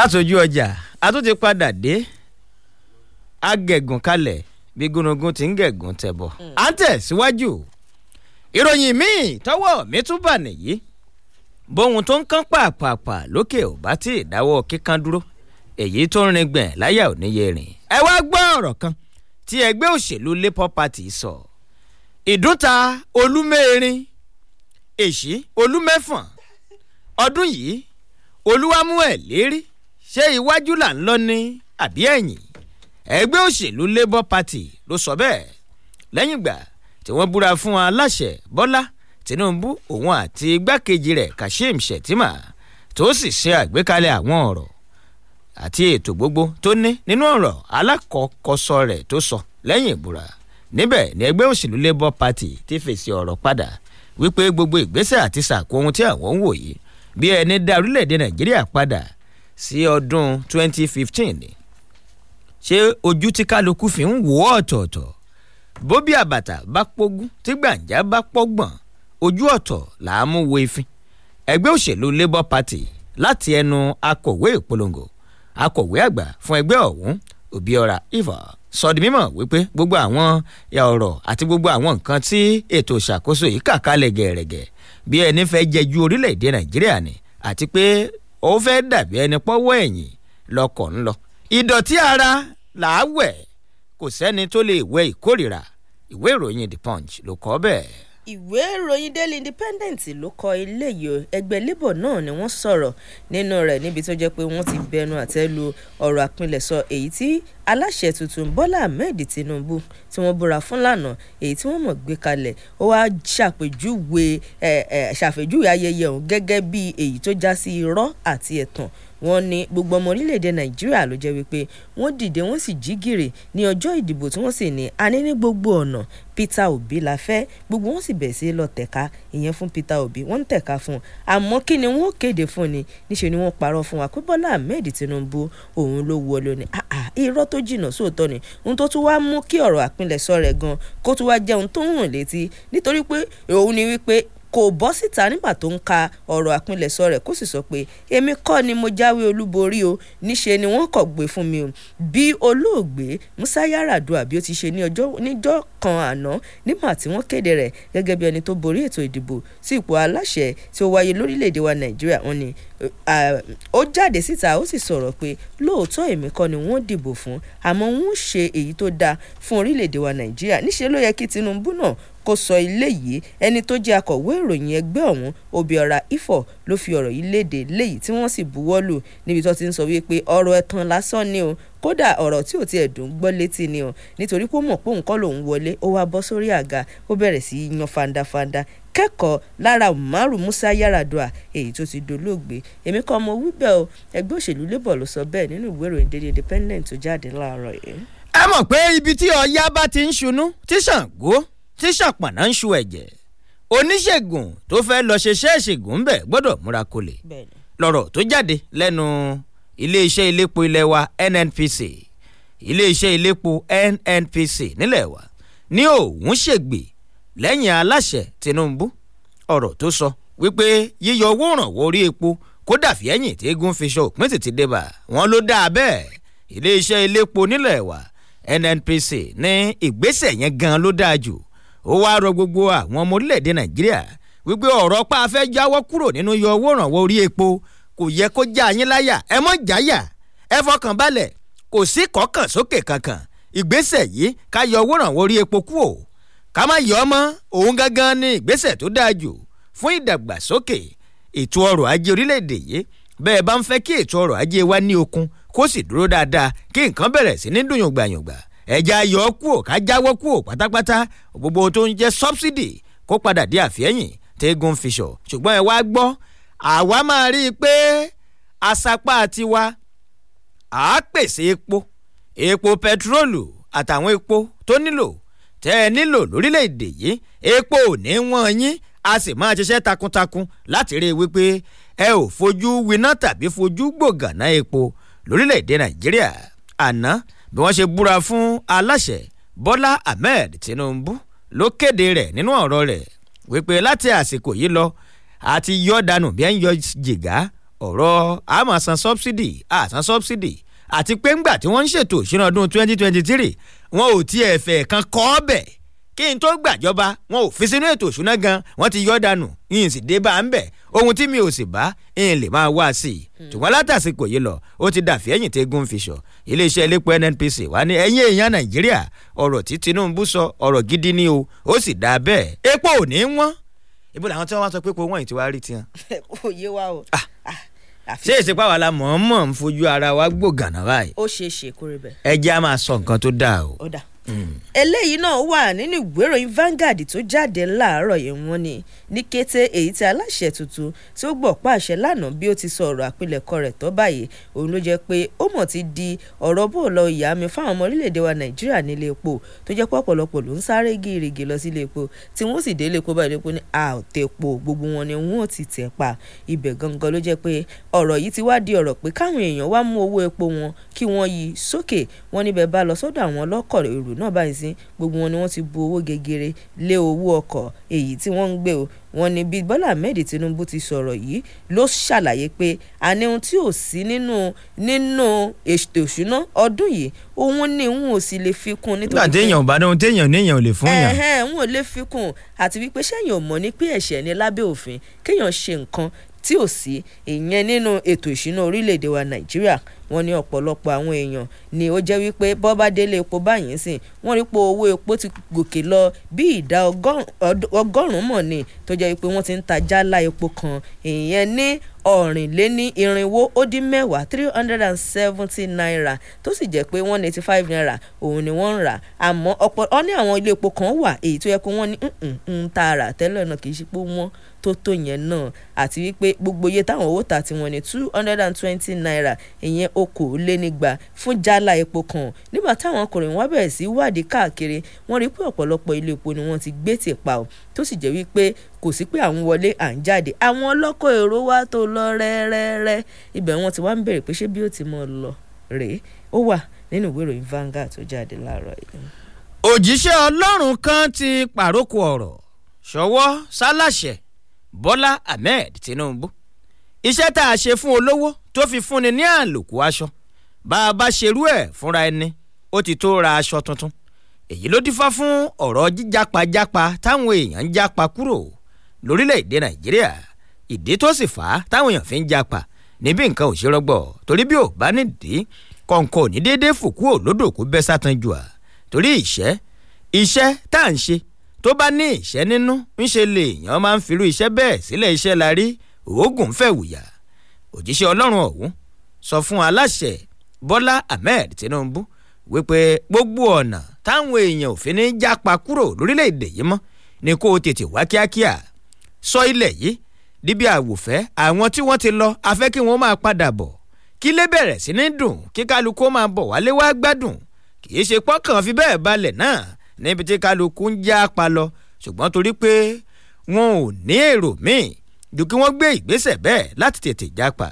látòjú ọjà a tún ti padà dé a gẹ̀gùn kalẹ̀ bí gúnugún ti ń gẹ̀gùn tẹ̀bọ̀. Hmm. à ń tẹ̀síwájú ìròyìn míì tọwọ́ mi tún bà nìyí bóun tó ń kán pàápàá lókè ò bá tí ì dáwọ́ kíkan dúró èyí tó ń rin gbẹ̀ láyà ò níye rìn. ẹ wá gbọ́ ọ̀rọ̀ kan tí ẹgbẹ́ òṣèlú labour party sọ ìdúntà olúmẹ́rin èṣí olúmẹ́fọ̀n ọdún yìí olúwamúẹ̀ lérí ṣé iwájú là ń lọ ní àbí ẹ̀yìn ẹgbẹ́ òṣèlú labour party ló sọ bẹ́ẹ̀ lẹ́yìn ìgbà tí wọ́n búra fún aláṣẹ bọ́lá tinubu òun àti igbákejì rẹ̀ kashim shettima tó sì ṣe àgbékalẹ̀ àwọn ọ̀rọ̀ àti ètò gbogbo tó ní nínú ọ̀rọ̀ alákọ̀ọ́kọ́sọ rẹ̀ tó sọ lẹ́yìn ìbúra níbẹ̀ ni ẹgbẹ́ òṣèlú labour party ti fèsì ọ̀rọ̀ padà wípé gbogbo ìgbésẹ̀ àti sàkó ohun tí àwọn ń wò yìí bí ẹni dá orílẹ̀-èdè nàìjíríà padà sí ọdún 2015 ni ṣé ojú tí kálukú fi ń wò ọ̀tọ̀ọ̀tọ̀ bóbí àbàtà bá pógún tí gbàǹjà bá pọ́gbọ̀n ojú ọ̀tọ̀ là á mú wo ìfín ẹgbẹ́ òṣèlú Labour Party láti ẹnu akọ̀wé ìpolongo akọ̀wé àgbà fún ẹgbẹ́ ọ̀hún Òbíọ́ra Eva sọ di mímọ̀ wípé gbogbo àwọn ọ̀rọ̀ àti gbogbo àwọn nǹkan tí ètò ìṣàkóso yìí kà kalẹ̀ gẹ̀rẹ̀gẹ̀ bí ẹni fẹ́ jẹjú orílẹ̀ Nàìjíríà ni àti pé ó fẹ́ dàbí ẹni pọ́wọ́ ẹ̀yìn lọkọ̀ ń lọ. ìdọ̀tí ara làá wẹ̀ kò sẹ́ni tó lè wẹ ìkórìíra ìwé ìròyìn The Punch ló kọ bẹ́ẹ̀ ìwé ìròyìn daily independent ló kọ eléyìí ẹgbẹ́ labour náà ni wọ́n sọ̀rọ̀ nínú rẹ̀ níbi tó jẹ́ pé wọ́n ti bẹnu àtẹ́ lu ọ̀rọ̀ àpilẹ̀sọ èyí tí aláṣẹ tuntun bọ́lá ahmed tinubu tí wọ́n búra fún lánàá èyí tí wọ́n mọ̀ gbé kalẹ̀ ó wá ṣàpèjúwe ṣàpèjúwe ayẹyẹ ọ̀hún gẹ́gẹ́ bí èyí tó já sí irọ́ àti ẹ̀tàn wọ́n ní gbogbo ọmọ orílẹ̀-èdè nàìjíríà ló jẹ́ wípé wọ́n dìde wọ́n sì jí gìrì ní ọjọ́ ìdìbò tí wọ́n sì ní a ní ní gbogbo ọ̀nà Peter Obi la fẹ́ gbogbo wọn sì bẹ̀rẹ̀ sí lọ tẹ̀ka ìyẹn fún Peter Obi wọ́n ń tẹ̀ka fún àmọ́ kí ni wọ́n kéde fún ni níṣẹ́ ni wọ́n parọ́ fún wa pé Bọ́lá Ahmed Tinubu òun ló wọlé ó ní irọ́ tó jìnnà sóòótọ́ ni ohun tó tún wá mú kí ọ̀rọ̀ àpilẹ̀sọ rẹ̀ gan kó tún wá jẹun tó ń rùn létí nítorí pé òun ni wípé kò bọ́ síta nígbà tó ń ka ọ̀rọ̀ àpilẹ̀sọ rẹ̀ kó sì sọ pé èmi kọ́ ni mo jáwé olúborí o níṣe ni wọ́n kọ̀ gbé fún mi o bí olóògbé Musa Yar'Adua bí ó ti ṣe ní ọjọ́ níjọ́ kan àná nígbà tí wọ́n kéde rẹ̀ gẹ́gẹ́ bí ẹni tó borí ètò ìdìbò sí ipò aláṣẹ tí ó wáyé lórílẹ̀‐èdè wa Nàìjíríà wọ́n ní ó jáde síta ó sì sọ̀rọ̀ pé lóòótọ́ èmi kọ́ ni wọ́n dìbò fún àmọ́ wọ́n ṣe èyí tó dáa fún orílẹ̀‐èdè wa Nàìjíríà níṣe ló yẹ kí Tinubu náà kó sọ eléyìí ẹni tó jẹ́ akọ̀wé ìròyìn ẹgbẹ́ ọ̀hún Obiora Ifor ló fi ọ̀rọ̀ yìí léde léyìí tí wọ́n sì buwọ́ lù níbi tó ti ń sọ wípé ọ̀rọ̀ ẹ̀tàn lásán ni o kódà ọ̀rọ̀ tí ò tiẹ̀ dùn gbọ́ létí ni o nítorí pé ó mọ̀ pé òun kọ́ lòun wọlé ó wá bọ́ sórí àga ó bẹ̀rẹ̀ sí í yan fandafanda kẹ́kọ̀ọ́ lára Umaru Musa Yar'Adua èyí tó ti dolóògbé èmi kan mo wí bẹ́ẹ̀ o ẹgbẹ́ òṣèlú Labour ló sọ bẹ́ẹ̀ nínú ìwé ìròyìn Daily Independent tó jáde láàárọ̀ yìí. ẹ mọ̀ pé ibi tí ọya bá ti ń ṣunú tíṣàn gò tí ṣàpọ̀nà ń ṣu ẹ̀jẹ̀ oníṣègùn tó fẹ́ lọ ṣe ṣẹ́ẹ̀ṣègùn ń bẹ̀ gbọ́dọ̀ múra kolè lọ́rọ̀ tó jáde lẹ́nu iléeṣẹ́ ilépo ilé wa NNPC iléeṣẹ́ ilépo NNPC nílẹ̀ wa ní òun ṣègbè lẹ́yìn aláṣẹ Tinubu ọ̀rọ̀ tó sọ wípé yíyọ owó ìrànwọ́ orí epo kódà fìyẹ́yìn tí eégún fi ṣe òpin títí débà wọn ló dáa bẹ́ẹ̀ iléeṣẹ́ ilépo nílẹ̀ wa NNPC ní ìgbésẹ̀ yẹn gan ló dáa jù ó wáá rọ gbogbo àwọn ọmọ orílẹ̀-èdè nàìjíríà wípé ọ̀rọ̀ pa afẹ́ jáwọ́ kúrò nínú yọ owó ìrànwọ́ orí epo kò yẹ kó já yín láyà ẹ mọ́ jáyà ẹ fọkàn balẹ̀ kò sí kọ́kàn sókè kankan ìgbésẹ̀ yìí ká yọ owó ìrànwọ́ orí epo kú o ká má yọ ọmọ òun gangan ni ìgbésẹ̀ tó dáa jù fún ìdàgbàsókè ètò ọrọ̀ ajé orílẹ̀-èdè yìí bẹ́ẹ̀ bá ń fẹ́ kí ètò ọrọ̀ ajé wa ní okun kó sì dúró dáadáa kí nǹkan bẹ̀rẹ̀ sí ní dùnyùngbàyùngbà ẹja yọ kúò ká jáwọ́ kúò pátápátá gbogbo tó ń jẹ́ sọ́bsidì kó padà dé àfẹ́yìn tẹ́gùn fìṣọ̀ ṣùgbọ́n ẹ wá gbọ́ àwa máa rí i pé asapá tiwa à á pèsè epo epo pẹtiróòlù àtàwọn epo tó nílò tẹ́ ẹ nílò lórílẹ̀‐èdè yìí epo ò ní wọ́n yín a sì máa ṣiṣẹ́ takuntakun láti rí i wípé ẹ ò fojú winá tàbí fojú gbògànná epo lórílẹ̀‐èdè nàìjíríà àná bí wọ́n ṣe búra fún aláṣẹ bọ́lá ahmed tinubu ló kéde rẹ̀ nínú ọ̀rọ̀ rẹ̀ wípé láti àsìkò yìí lọ àti yọ dànù bí ẹ yọ jìgá ọ̀rọ̀ àmọ́ san subsidy àsan subsidy àti pé ńgbà tí wọ́n ń ṣètò ìṣúná ọdún 2023 wọn ò tiẹ̀ fẹ́ kan kọ́ ọ́ bẹ́ẹ̀ kí n tó gbàjọba wọn ò fi sínú ètò ìṣúná gan wọn ti yọ dànù yìnyín sì dé bá a ń bẹ̀ ohun tí mi ò sì bá n lè máa wá sí i hmm. ṣùgbọ́n látàsìkò yìí lọ ó ti dàfí ẹ̀yìn tẹ́gùn fi sọ iléeṣẹ́ elépo NNPC wà ní ẹ̀yìn èèyàn Nàìjíríà ọ̀rọ̀ tí Tinubu sọ ọ̀rọ̀ gidi ni o ó sì dáa bẹ́ẹ̀ epo ò ní wọ́n ibo làwọn tí wọ́n wá sọ pé kò wọ́n yìí ti wá rí tiwọn. òye wa o ah. Ah, ṣé ìsìnkú àwa la mọ̀ọ́mọ̀ ń fojú ara wa gbògànà báyìí. ó ṣeé ṣe kórè bẹ́ẹ̀. ẹ eléyìí náà wà nínú ìwé ìròyìn Vanguard tó jáde láàárọ̀ yìí wọ́n ní ní kété èyí tí aláṣẹ tuntun tí ó gbọ́ pa àṣẹ lánàá bí ó ti sọ ọ̀rọ̀ àpilẹ̀kọ rẹ̀ tó báyìí òun ló jẹ́ pé ó mọ̀ ti di ọ̀rọ̀ bó lọ ìyá mi fáwọn ọmọ orílẹ̀-èdè wa Nàìjíríà nílé epo tó jẹ́ pé ọ̀pọ̀lọpọ̀ ló ń sáré gírígì lọ sílé epo tí wọ́n sì délé epo báyìí lépo ní àtẹ̀pọ̀ gbogbo wọn ni wọ́n ti tẹ̀ pa ibẹ̀ gangan ló jẹ́ pé ọ̀rọ̀ yìí ti wá di ọ̀rọ̀ pé káwọn èèyàn wá mú owó epo wọn kí wọ́n yí sókè wọ́n níbẹ̀ bá lọ sọ́dọ̀ àwọn ọlọ́kọ̀ èrò náà báyìí sí gbogbo wọn ni wọ́n ti bu owó gegere lé owó ọkọ̀ èyí tí wọ́n ń gbé o wọ́n ní bí Bọ́lá Ahmed Tinubu ti sọ̀rọ̀ yìí ló ṣàlàyé pé àní ohun tí ò sí nínú nínú ètò ìṣúná ọdún yìí òun ni òun ò sì lè fi kún nítorí pé nígbà téèyàn ò bá dán téèyàn níyàn ò lè fún yàn. ẹ̀hẹ́n òun ò lè fi kún àti wípé sẹ́yìn ò mọ̀ ní pé ẹ̀ṣẹ̀ ni lábẹ́ òfin kéèyàn ṣe nǹkan tí ò sí ìyẹn nínú ètò ìṣúná orílẹ̀-èdè wa Nàìjíríà wọ́n ní ọ̀pọ̀lọpọ̀ àwọn èèyàn ni ó jẹ́ wípé bọ́ bá délé epo báyìí sìn wọ́n rí pé owó epo ti gòkè lọ bí ìdá ọgọ́rùn-ún mọ̀ ni tó jẹ́ wípé wọ́n ti ń ta jálá epo kan ìyẹn ní ọ̀rìnléní irinwó ó dín mẹ́wàá three hundred and seventy naira tó sì jẹ́ pé one eighty five naira òun ni wọ́n ń rà àmọ́ ọ̀pọ̀ ọ ní àwọn ilé epo kan wà èyí tó yẹ kó wọ́n ní ń ta rà tẹ́lẹ̀ náà kì í ṣe pé wọ́n tó tó yẹn náà àti wípé gbogbo iye táwọn owó tà tiwọn ní two hundred and twenty naira ìyẹn okòólénígba fún jálá epo kan nígbà táwọn ọkùnrin wọn bẹ̀rẹ̀ sí wádìí káàkiri wọ́n rí pé ọ̀pọ̀lọpọ̀ ilé epo ni wọ́n ti gbé tì pa ọ́ tó sì jẹ́ wípé kò sí pé à ń wọlé à ń jáde àwọn ọlọ́kọ̀ èrò wa tó lọ rẹ́rẹ́rẹ́ ibẹ̀ wọn ti wá ń bèrè pé ṣé bí ó ti mọ̀ lọ rèé ó wà nínú ìwé ìròyìn Vanguard tó jáde láàárọ̀ yìí. òjíṣẹ́ ọlọ́run kan ti pàrókò ọ̀rọ̀ ṣọwọ́ sálàṣẹ Bọ́lá Ahmed Tinubu iṣẹ́ tá a ṣe fún olówó tó fi fúnni ní àlòkù aṣọ bá a bá ṣerú ẹ̀ fúnra ẹni ó ti tó ra aṣọ tuntun èyí ló dífá fún ọ̀rọ̀ jíjápajàpa táwọn èèyàn ń jápa kúrò lórílẹ̀‐èdè nàìjíríà ìdí tó sì fà á táwọn èèyàn fi ń jápa níbi nǹkan ò ṣe rọgbọ torí bí ò bá nídìí kọ̀ǹkọ̀ ní déédéé fòkú òlódò kó bẹ́ sátán jù à torí ìṣẹ́ iṣẹ́ tá à ń ṣe tó bá ní ìṣẹ́ nínú ńṣe lèèyàn máa ń firú iṣẹ́ bẹ́ẹ̀ sílẹ̀ iṣẹ́ la rí oògùn fẹ̀wùyà òjíṣẹ́ ọlọ́run ọ̀hún sọ fún aláṣẹ bọ́lá ahmed tinubu wípé gbogbo ọ̀nà táwọn èèyàn òfin ní jápa kúrò lórílẹ̀‐èdè yìí mọ́ ni kó o tètè wá kíákíá sọ ilẹ̀ yìí níbi àwòfẹ́ àwọn tí wọ́n ti lọ afẹ́ kí wọ́n máa padà bọ̀ kílé bẹ̀rẹ̀ sí ní dùn kí kálukú máa bọ̀ wálé wá gbádùn kì í ṣe pọ́kàn fi bẹ́ẹ̀ balẹ̀ náà níbi tí kálukú ń jápa lọ ṣùgbọ́n torí pé wọn ò ní èrò míì ju kí wọ́n gbé ìgbésẹ̀ bẹ́ẹ̀ láti tètè jápa.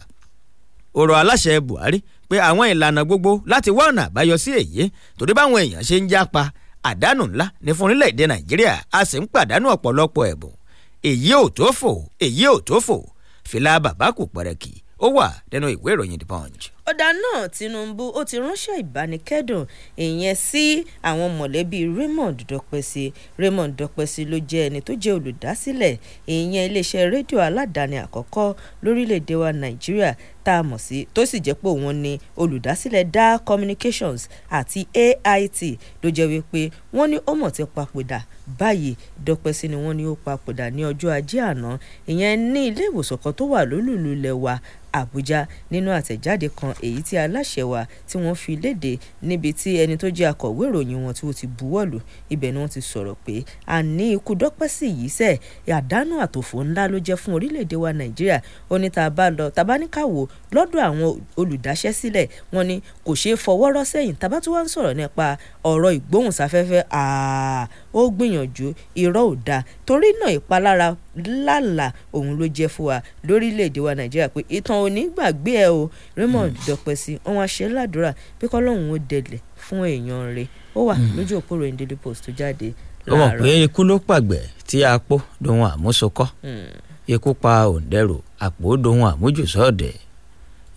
ọ̀rọ̀ aláṣẹ Buhari pé àwọn ìlànà gbogbo láti wá ọ̀nà àbáyọ sí èyí torí báwọn èèyàn ṣe ń jápa àdánù ńlá ní fún orílẹ̀-èdè Nàìjíríà a sì ń pàdánù ọ̀pọ̀lọpọ̀ ẹ̀bùn èyí ò tó fò èyí ò tó fò fìlà bàbá kò pẹ̀rẹ̀kì ó wà nínú ìwé ìròyìn The Punch ọ̀dà náà Tinubu ó ti ránṣẹ́ ìbánikẹ́dùn ìyẹn sí àwọn mọ̀lẹ́bí Raymond Dọ́pẹ́sí Raymond Dọ́pẹ́sí ló jẹ́ ẹni tó jẹ́ olùdásílẹ̀ ìyẹn iléeṣẹ́ rédíò aládàáni àkọ́kọ́ lórílẹ̀‐èdè wa Nàìjíríà tá a mọ̀ sí tó sì jẹ́ pé òun ni olùdásílẹ̀ dá communications àti AIT ló jẹ́ wípé wọ́n ní ó mọ̀ ti papòdà báyìí Dọ́pẹ́sí ni wọ́n ní ó papòdà ní ọjọ́ ajé àná ìyẹn ní ilé ìwòsàn kan tó wà lólùlù ilẹ̀ Àbújá nínú àtẹ̀jáde kan èyí tí aláṣẹ wa tí wọ́n fi léde níbi tí ẹni tó jẹ́ akọ̀wé ìròyìn wọn tí ó ti buwọ́lù ibẹ̀ ni wọ́n ti sọ̀rọ̀ pé àní ikú dọ́pẹ́ sí yìí sẹ́ àdánù àtòfò ńlá ló jẹ́ fún orílẹ̀ wa nàìjíríà ó ní tá a bá lọ tá a bá ní ká wò lọ́dọ̀ àwọn olùdáṣẹ́ sílẹ̀ wọ́n ní kò ṣeé fọwọ́ rọ́ sẹ́yìn tá a bá tún wá ń sọ̀rọ̀ nípa ọ̀rọ̀ ìgbóhùnsáfẹ́fẹ́ ó gbìyànjú irọ́ ò dáa torí náà ìpalára lálà òun ló jẹ́ fún wa lórílẹ̀‐èdè wa nàìjíríà pé ìtàn òní gbàgbé ẹ o Raymond hmm. Dọ́pẹ́sí àwọn àṣẹ ládùúrà pé kọ́lọ́hún ó dẹ̀lẹ̀ fún èèyàn rẹ̀ ó wà hmm. lójú òpó rẹ̀ ní Daily Post tó jáde láàárọ̀. wọ́n mọ̀ pé ikú ló pàgbẹ́ tí apó dohun àmúsokọ́ hmm. ikú pa òǹdẹ̀rù àpò dohun àmújùsọ́ọ̀dẹ̀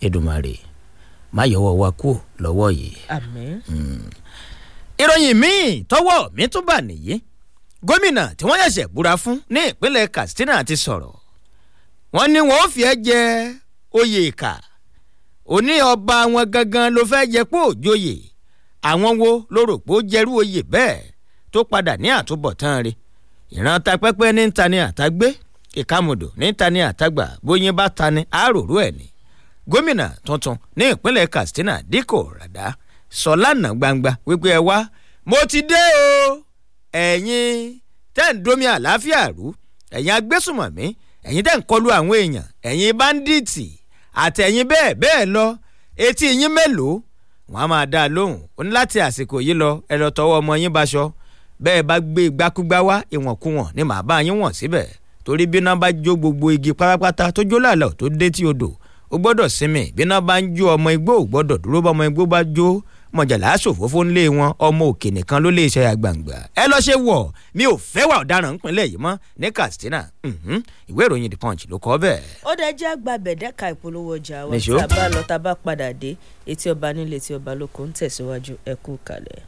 Èdùmàrè má wa kú lọ́wọ́ yìí. ìròyìn míì tọwọ́ mi tún bà nìyí gómìnà tí wọ́n ṣẹ̀ṣẹ̀ búra fún ní ìpínlẹ̀ Katsina ti sọ̀rọ̀ wọ́n ní wọ́n fi ẹ́ jẹ oyè ìkà òní ọba wọn gangan ló fẹ́ jẹ pé òjòyè àwọn wo ló rò pé ó jẹrú oyè bẹ́ẹ̀ tó padà ní àtúbọ̀tán rẹ̀ ìran ta pẹ́pẹ́ ní ta ni àtagbé ìkàmùdò ní ta ni àtagbà bóyin bá ta ni àròrò ẹ̀ ni gómìnà tuntun ní ìpínlẹ̀ Katsina Dikko Rada sọ lánàá gbangba wípé ẹ wá mo ti dé o ẹ̀yin tẹ́ ń domi àlàáfíà rú ẹ̀yin agbésùmọ̀mí ẹ̀yin tẹ́ ń kọlu àwọn èèyàn ẹ̀yin báńdíìtì àtẹ̀yin bẹ́ẹ̀ bẹ́ẹ̀ lọ etí yín mélòó wọn á máa dá a lóhùn ó ní láti àsìkò yìí lọ ẹ lọ tọwọ́ ọmọ yín baṣọ bẹ́ẹ̀ bá gbé igbákúgbá wá ìwọ̀nkuwọ̀n ni màá bá yín wọ̀n síbẹ̀ torí bí iná bá jó gbogbo igi pátápátá tó jó làlà tó dé tí odò ó gbọ́dọ̀ sinmi bí iná bá ń jó ọmọ igbó ò gbọ́dọ̀ dúró bá ọmọ igbó bá jó mọ̀jàlá ṣòfófó ńlé wọn ọmọ òkè nìkan ló lè ṣe àgbàǹgbà ẹ lọ ṣe wọ̀ mi ò fẹ́ wà ọ̀daràn ńpínlẹ̀ yìí mọ́ ní Katsina ìwé ìròyìn The Punch ló kọ́ bẹ́ẹ̀. ó dẹ jẹ́ àgbà bẹ̀dẹ́ka ìpolówó ọjà wa tá a bá lọ tá a bá padà dé etí ọba nílé etí ọba lóko ń tẹ̀síwájú ẹ kalẹ̀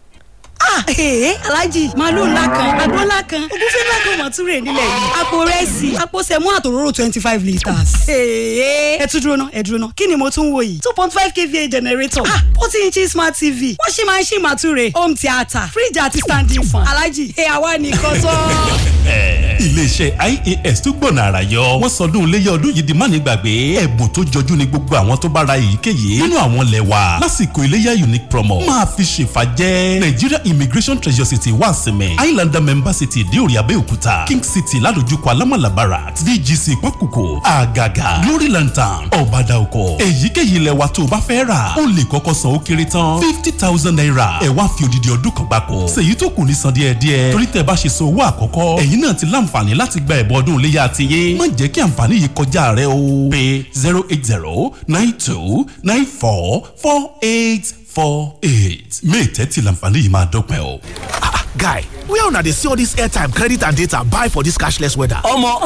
ah ee eh, eh, alhaji màálù ńlá kan àgbo ńlá kan ogúnfẹ́ ńlá kan wọ́n tún rè nílẹ̀ yìí àpò rẹ́sì àpò sẹ̀mú àtòróró twenty five litres. ee eh, ẹ tún dúró náà ẹ dúró náà kí ni mo tún wò yìí two point five kva generator ah forty inch smart tv washing machine mature home theatre fridge àti standing fan alhaji ẹ àwa nìkan sọ. iléeṣẹ́ ias tún gbọ̀nà àrà yọ wọ́n sọdún iléyà ọdún yìí di mánì gbàgbé ẹ̀bùn tó jọjú ni gbogbo àwọn tó bá ra èyíkéyìí nínú àwọn lẹ́wà lásìkò iléyà unique promo máa fi ṣèfà jẹ́ immigration treasure city wàsímẹ̀ islander member city ìdíòrí abẹ́òkúta king city ládojúkọ alámọ̀lá barracks dgc pọ́kùkù àgàgà glory lantern ọ̀bàdà ọkọ̀ èyíkéyìí ilẹ̀ wa tó o bá fẹ́ rà o lè kọ́kọ́ san ó kéré tán fifty thousand naira ẹ̀ wá fi odidi ọdún kan gbáko ṣèyí tó kù ní san díẹ̀díẹ̀ torí tẹ́ bá ṣe san owó àkọ́kọ́ ẹ̀yin náà ti láǹfààní láti gba ẹ̀bùn ọdún iléyá ti yé má jẹ́ kí àǹfààní yìí kọjá rẹ o pé zero eight zero nine two nine four four eight four eight may thirty lànfààní yìí máa dọ́pẹ́ o. guy where una dey see all dis airtime credit and data buy for this cashless weather. omo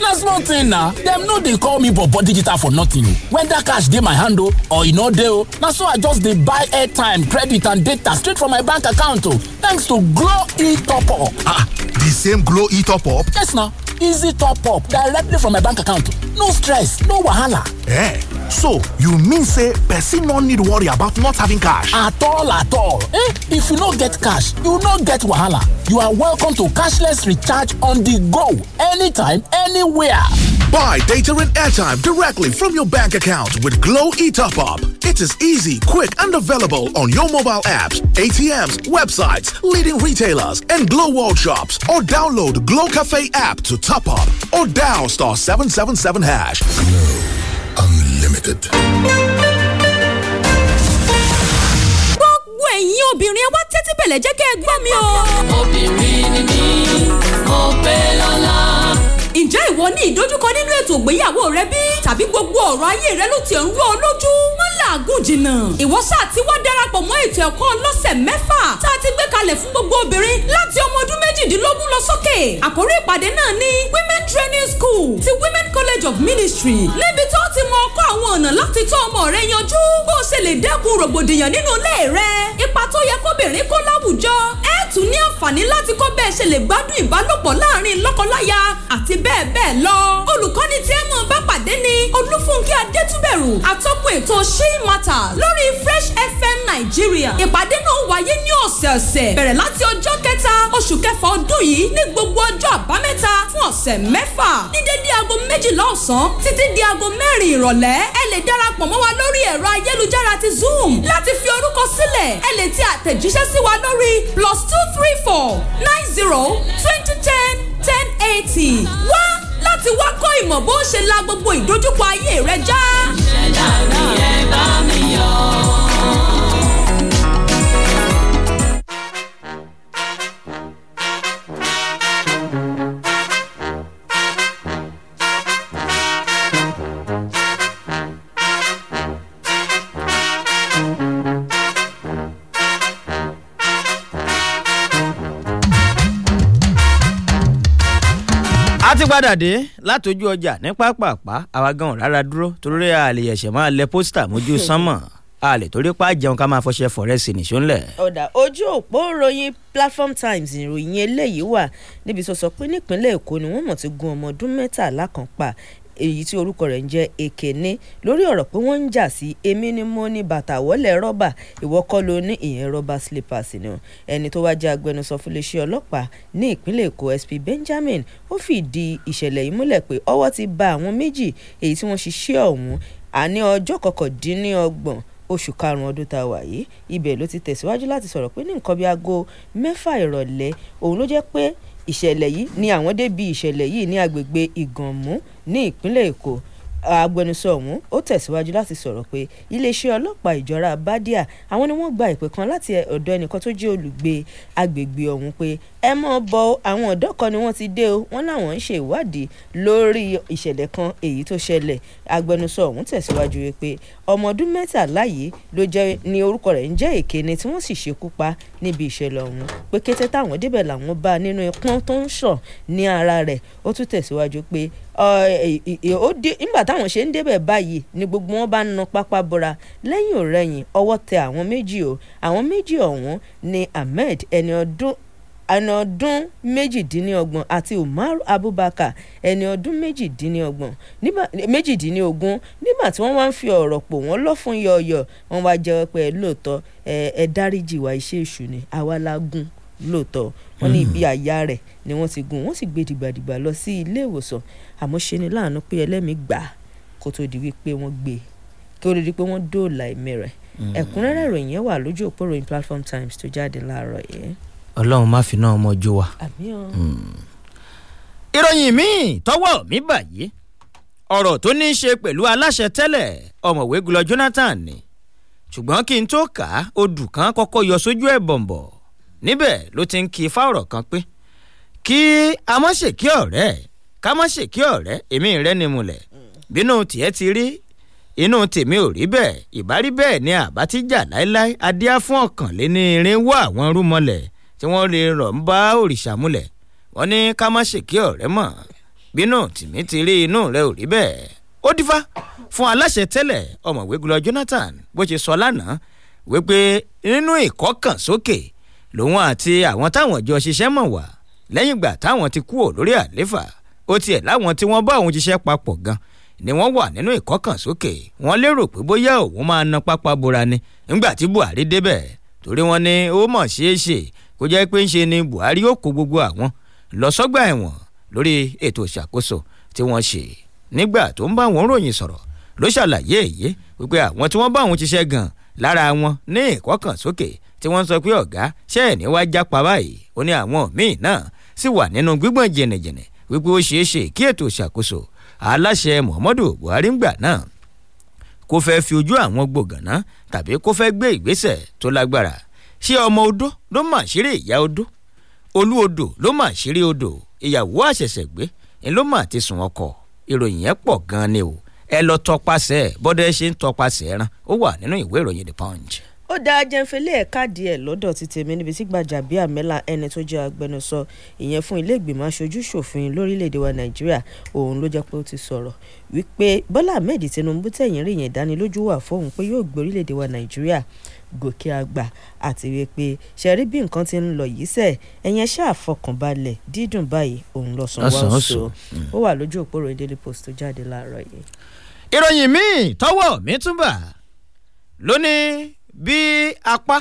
na small thing na dem no dey call me bobo digital for nothing oh. when that cash dey my hand o oh, or e no dey o oh. na so i just dey buy airtime credit and data straight from my bank account o thanks to glo e-top up. ah, ah the same glo e-top up. yes na easy top up directly from my bank account no stress no wahala eh so you mean say person no need worry about not having cash at all at all eh if you no get cash you no get wahala you are welcome to cashless recharge on the go anytime anywhere Buy data and airtime directly from your bank account with Glow eTop Up. It is easy, quick, and available on your mobile apps, ATMs, websites, leading retailers, and Glow World shops. Or download Glow Cafe app to top up or dial star 777 hash. Glow Unlimited. ẹ̀yin obìnrin ẹ wá tẹ́tí bẹ̀lẹ̀ jẹ́ kẹ́ ẹ gbọ́ mi o. obìnrin ni mí mo lọ́la. ǹjẹ́ ìwọ ní ìdojúkọ nínú ètò ìgbéyàwó rẹ bí? tàbí gbogbo ọ̀rọ̀ ayé rẹ ló ti ń rú ọ lójú? wọ́n làágùn jìnnà. ìwọ sáà ti wá darapọ̀ mọ́ ètò ẹ̀kọ́ ọlọ́sẹ̀ mẹ́fà tá a ti gbé kalẹ̀ fún gbogbo obìnrin láti ọmọ ọdún méjìdínlógún lọ sókè. àkórí ìpàdé náà ni women training school ti women college of ministry níbi tó ti mọ ọkọ àwọn ọ̀nà láti tọ́ ọmọ rẹ yanjú bó ṣe lè dẹ́kun rògbòdìyàn nínú ilé rẹ ipa tó yẹ kóbìnrin kó láwùjọ ẹ tún ní àǹfààní láti kọ́ bẹ́ẹ̀ ṣe lè gbádùn ìbálòpọ̀ láàrin lọ́kọláya àti bẹ́ẹ̀ bẹ́ẹ̀ lọ olùkọ́ni tí ẹ mọ̀ bá pàdé ni olúfúnkẹ́ adétúbẹ̀rù atọ́kùn ètò she matters lórí fresh fm nàìjíríà ìpàdé náà wáyé ní ọ̀sẹ̀ọ̀sẹ̀ bẹ̀rẹ̀ láti ọjọ́ kẹta oṣù kẹfà ọdún yìí ní gbogbo ọjọ́ àbámẹ́ta fún ọ̀sẹ̀ mẹ́fà ní dédé aago méjìlá ọ̀sán títí di aago mẹ́rin ìrọ̀lẹ́ ẹ lè darapọ̀ mọ́ wa lórí ẹ̀rọ ayélujára ti zoom láti fi orúkọ sílẹ̀ ẹ lè ti àtẹ̀jíṣẹ́ sí wa lórí plus two three four nine zero twenty ten ten eighty láti wá kọ́ ìmọ̀ bó ṣe la gbogbo ìdojúkọ ayé rẹ já. ìṣẹ̀dá mi ẹ bá mi yọ̀. padà dé látọjú ọjà ní pápápá àwa gan rárá dúró torí a lè ẹ̀ṣẹ̀ máa lẹ pósítà mójú sánmọ̀ a lè torí pa jẹun ká máa fọṣẹ fọrẹsì nìṣó ńlẹ̀. ọ̀dà ojú òpó ròyìn platform times ìròyìn eléyìí wà níbi tó sọ pé nípínlẹ̀ èkó ni wọ́n mọ̀ ti gun ọmọ ọdún mẹ́tàlá kan pa èyí tí orúkọ rẹ̀ ń jẹ́ Ekene lórí ọ̀rọ̀ pé wọ́n ń jà sí èmi ni mo ní bàtà wọlé rọ́bà ìwọ kọ́ ló ní ìyẹn rọ́bà slippers ni ẹni tó wá jẹ́ agbẹnusọ fún iléeṣẹ́ ọlọ́pàá ní ìpínlẹ̀ Èkó SP Benjamin ó fìdí ìṣẹ̀lẹ̀ yìí múlẹ̀ pé ọwọ́ ti ba àwọn méjì èyí tí wọ́n ṣiṣẹ́ ọ̀hún àní ọjọ́ kọkàndínlọ́gbọ̀n oṣù karùn-ún ọdún tá a wà yìí ibẹ̀ ló ti tẹ̀síwájú láti sọ̀rọ̀ pé ní nǹkan bíi aago mẹ́fà ìrọ̀lẹ́ òun ló jẹ́ pé ìṣẹ̀lẹ̀ yìí ni àwọn débi ìṣẹ̀lẹ̀ yìí ní agbègbè ìgànmú ní ìpínlẹ̀ èkó agbẹnusọ ọ̀hún ó tẹ̀síwájú láti sọ̀rọ̀ pé iléeṣẹ́ ọlọ́pàá ìjọra badia àwọn ni wọ́n gba ìpè kan láti ọ̀dọ̀ ẹnìkan tó jẹ́ olùgbé agbègbè ọ̀hún pé ẹ mọ́ bọ àwọn ọ̀dọ́ kan ni wọ́n ti dé o wọ́n láwọn ń ṣe ìwádìí lórí ìṣẹ̀lẹ̀ kan èyí tó ṣẹlẹ̀ agbẹnusọ ọ̀hún tẹ̀síwájú wípé ọmọ ọdún mẹ́tàlá yìí ló jẹ́ ni orúkọ rẹ̀ ń jẹ́ èkéne tí wọ́n sì ṣekú pa níbi ìṣẹ̀lẹ̀ ọ̀hún pé kété táwọn débẹ̀ làwọn bá nínú ẹpọ́n tó ń ṣàn ní ara rẹ̀ ó tún tẹ̀síwájú pé nígbà táwọn ṣe ń débẹ̀ báyìí ni gbogbo wọn bá ń na pápá bora lẹ́yìn òrẹ́yìn ọwọ́ tẹ àwọn méjì o àwọn méjì ọ̀hún ni Ahmed ẹni ọdún ẹni ọdún méjìdínlọ́gbọ̀n àti umar abubakar ẹni ọdún méjìdínlọ́gbọ̀n méjìdínlógún nígbà tí wọ́n wá ń fi ọ̀rọ̀ pò wọ́n lọ́fun yọ̀ọ̀yọ̀ wọ́n wá jẹ́ pé lóòótọ́ ẹ dáríjì wá iṣẹ́ èṣù ni àwa la gún lóòótọ́ wọn ní hmm. ibi àyà rẹ̀ ni wọ́n ti gún wọ́n sì gbé dìgbàdìgbà lọ sí ilé ìwòsàn àmọ́ ṣe ni láàánú pé ẹlẹ́mìí gbà kó tó di wípé wọ́n gbé e, kí ó lè di pé wọ́n dóòlà ẹ̀mí rẹ̀ hmm. ẹ̀kúnrẹ́rẹ́ ìròyìn yẹn wà lójú òpó ìròyìn platform times tó jáde láàárọ̀ yìí ọlọ́run má fi náà mọ jó wa. Hmm. ìròyìn míì tọwọ́ mi bàyí ọ̀rọ̀ tó ní í ṣe pẹ̀lú aláṣẹ tẹ́lẹ̀ ọ̀mọ̀wé gulọ Jonathan ni ṣùgbọ́n kí n tó kà á odù kan kọ́kọ́ yọ sójú ẹ̀ bọ̀m̀bọ̀ níbẹ̀ ló ti ń kí ifá kan pé kí a má ṣèkí ọ̀rẹ́ ká má ṣèkí ọ̀rẹ́ èmi rẹ ni mulẹ̀ bínú tiẹ̀ ti rí inú tèmi ò rí bẹ́ẹ̀ ìbá bẹ́ẹ̀ ni àbá ti jà láéláé adíá fún ọ̀kànléní irinwó àwọn rúmọlẹ̀ tí wọ́n lè rọ̀ ń bá òrìṣà múlẹ̀ wọ́n ní ká má ṣèké ọ̀rẹ́ mọ̀ bínú tìmí ti rí inú rẹ ò rí bẹ́ẹ̀ ó dífá fún aláṣẹ tẹ́lẹ̀ ọ̀mọ̀wé gulọ Jonathan bó ṣe sọ lánàá wípé nínú ìkọ́kànsókè lòun àti àwọn táwọn jọ ṣiṣẹ́ mọ̀ wá lẹ́yìn ìgbà táwọn ti kúrò lórí àléfà ó tiẹ̀ láwọn tí wọ́n bá òun ṣiṣẹ́ papọ̀ gan ni wọ́n wà nínú ìkọ́kànsókè wọ́n lérò pé bóyá òun máa na pápá bora ni nígbà tí Buhari débẹ̀ torí wọ́n ní ó mọ̀ ṣeé kó jẹ́ pé ń ṣe ni Buhari yóò kó gbogbo àwọn lọ sọ́gbà ẹ̀wọ̀n lórí ètò ìṣàkóso tí wọ́n ṣe nígbà tó ń bá wọn ròyìn sọ̀rọ̀ ló ṣàlàyé èyí wípé àwọn tí wọ́n bá òun ṣiṣẹ́ gan lára wọn ní ìkọ́kànsókè tí wọ́n sọ pé ọ̀gá ṣe ẹ̀ níwá jápa báyìí ó ní àwọn míì náà sì wà nínú gbígbọ̀n jìnnìjìnnì wípé ó ṣeé ṣe kí ètò ìṣàkóso aláṣẹ Muhammadu Buhari ń gbà náà kó fẹ́ fi ojú àwọn gbògànná tàbí kó fẹ́ gbé ìgbésẹ̀ tó lágbára ṣé ọmọ odó ló mà ṣeré ìyá odó olú odò ló mà ṣeré odò ìyàwó àṣẹ̀ṣẹ̀ gbé ni ló mà ti sùn ọkọ ìròyìn yẹn pọ̀ gan-an ni o ẹ lọ tọpasẹ̀ bọ́dẹ ṣe ń tọpasẹ̀ ẹran ó wà nínú ìwé ìròyìn the punch ó dáa jẹ́nfẹ́lẹ́ ẹ̀ka díẹ̀ lọ́dọ̀ ti tèmi níbi tí Gbajabiamila ẹni tó jẹ́ agbẹnusọ ìyẹn fún ilé ìgbìmọ̀ aṣojú-ṣòfin lórílẹ̀ wa Nàìjíríà òun ló jẹ́ pé ó ti sọ̀rọ̀ wípé Bọ́lá Ahmed Tinubu tẹ̀yìn rí yẹn ìdánilójú wà fóun pé yóò gbé orílẹ̀ wa Nàìjíríà gòkè àgbà àti wípé ṣẹ̀rí bí nǹkan ti ń lọ yìí sẹ̀ ẹ̀yẹn ṣáà fọkànbalẹ̀ dídùn báyìí òun lọ sùn wá sùn hmm. ó wà lójú òpó ròyìn daily post tó jáde láàárọ̀ yìí. ìròyìn míì tọwọ́ mi túbà lónìí bí apá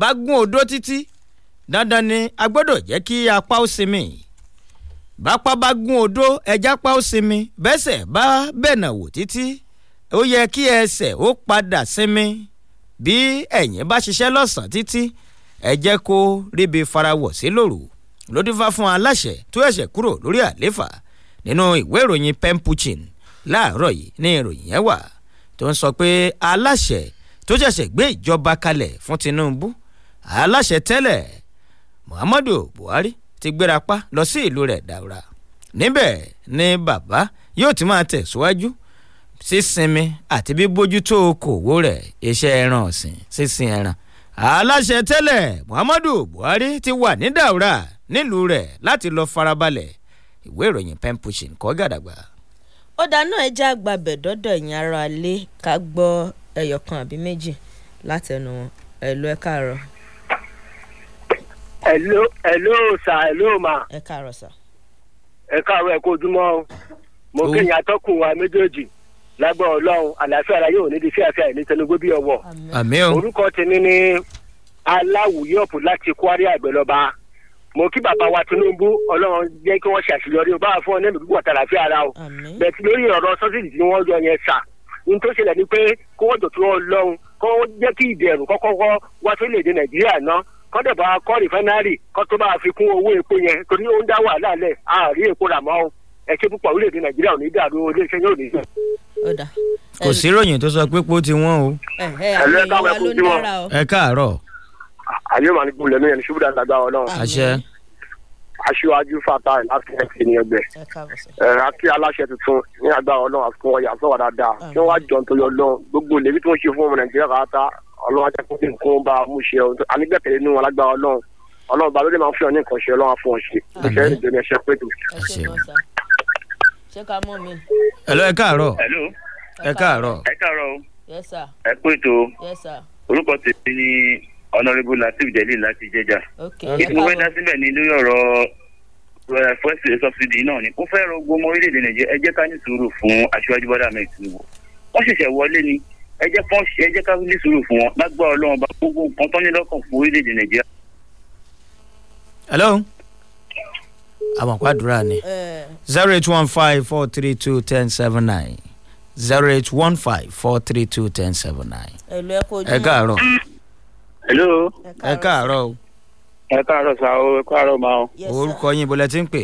bá gún odó títí dandan ni a gbọ́dọ̀ jẹ́ kí apá ó sinmi bápá bá gún odó ẹja pa ó sinmi bẹ́sẹ̀ bá bẹ̀nà wò títí ó yẹ kí ẹsẹ̀ ó padà sinmi bí ẹ̀yin bá ṣiṣẹ́ lọ́sàn-án títí ẹ jẹ́ kó ríbi farawọ̀ sí lòrù ló dífá fún aláṣẹ tó ẹ̀ṣẹ̀ kúrò lórí àléfà nínú ìwé ìròyìn pen puchin láàárọ̀ yìí ní ìròyìn yẹn wà tó ń sọ pé aláṣẹ tó ṣẹ̀ṣẹ̀ gbé ìjọba kalẹ̀ fún Tinubu aláṣẹ tẹ́lẹ̀ Muhammadu Buhari ti gbérapá lọ sí ìlú rẹ̀ Daura níbẹ̀ ni bàbá yóò ti máa tẹ̀síwájú sísinmi àti bíbójútó okòwò rẹ̀ iṣẹ́ ẹran ọ̀sìn sísin ẹran. aláṣẹ tẹ́lẹ̀ Muhammadu Buhari ti wà ní Daura nílùú rẹ̀ láti lọ farabalẹ̀ ìwé ìròyìn pen pushing kọ́ gàdàgbà. ó dáná ẹja àgbàbẹ̀ dọ́dọ̀ ẹ̀yìn ara alẹ́ ká gbọ́ ẹyọkan àbí méjì látẹnu wọn ẹ̀lú ẹ̀ káàárọ̀. ẹ̀lú ẹ̀lú sà ẹ̀lú mà. ẹ̀ káàárọ̀ sà. ẹ̀ káàárọ̀ ẹ̀ kó ojúmọ́ mo kéèyàn atọ́kùn wa méjèèjì lágbọ́ ọlọ́run àlàáfíà ara yóò ní di fíàfíà ìní tẹnugbó bí ọwọ́. orúkọ tèmi ni aláwùyọ̀pù láti kwari àgbẹ̀lọba mo kí bàbá wa tinubu ọlọ́run jẹ́ kí wọ́n ṣàṣeyọrí o bá fún ọ nẹ́ẹ̀mí gbogbo àtàlàfíà ara o bẹ̀tí lórí ọ̀rọ̀ sọ́sìdì tí wọ́n yọ yẹn sà n tó ṣẹlẹ̀ ni pé kó wọ́n dòtú ọlọ́run kó wọ́n jẹ́ kí ìdẹ̀rù kọ́kọ́kọ́ wá sí ilẹ̀-èdè nàìjíríà náà kọ́dẹ̀ kọ́ rìfẹ́nárì kó tó bá fi kún owó epo yẹn torí ó ń dá wàhálà lẹ̀ àárí epo rà o ẹ ṣe púpọ̀ orílẹ̀-èdè nàìjíríà ò ní dàrú iléeṣẹ́ yóò ní. kò sí ìròyìn tó sọ pé pó ti wọ́n o. ẹ̀lú ẹ̀ka àwọn ẹ̀kú tí wọ́n. ẹ káàárọ̀. àyè màá ní gbọ́dọ̀ lẹ́nu ṣubú dáadáa gbà wọn náà. àṣẹ. aṣíwájú fata láti ẹ̀sìn ní ẹgbẹ́. àti aláṣẹ tuntun ní àgbà wọn náà fún ọyà sọ̀rọ̀ dáadáa. tí wọ́n wá jọ nítorí ọlọ́run gbogbo lèmi tí wọ́n ṣe fún ọmọ nàìjíríà kàtà ọlọ́run ajá kó nǹkan bá a mú ṣe ọ̀hún ànígbẹ̀kẹ̀lé nínú alágbára ọlọ́run ọlọ́run bá lóde máa ń fi ọ ní nǹkan ṣe ọlọ́run á fún ọ ṣe. ìṣẹ́ ìjọba ẹ̀ṣẹ̀ pẹ̀lú ṣé ká mọ̀ mi. hello ẹ káàárọ̀. hello ẹ káàárọ̀. ẹ káàárọ̀ o. yes sir. ẹ kú ètò. yes sir. orúkọ tèmi ni honourable latif jeli láti jẹjà. ok ẹ káàárọ̀. mo fẹ́ dá síbẹ̀ ní lórí ọ̀rọ̀ eh, fọ́ẹ̀sì sọ́fìdì náà ni mo fẹ́ rọ gbogbo orílẹ̀-èdè nàìjíríà ẹ jẹ́ ká ní sùúrù fún aṣíwájú bọ́dà mi ìtìlú wọ́n ṣẹ̀ṣẹ̀ wọlé ni ẹ jẹ́ fọ́n ṣe ẹ jẹ́ ká ní sùúrù fún wọn lágbára ọlọ́run bá gbogbo nǹkan tó ní lọ́kàn fún orílẹ̀-èdè nàìjíríà àwọn kó àdúrà ni zero eight one five four three two ten seven nine zero eight one five four three two ten seven nine. ẹ̀lú ẹ kojú. Hello. ẹ káàárọ̀ ẹ káàárọ̀ sa o ẹ káàárọ̀ ma o. orúkọ yín bọ́lá ti ń pè.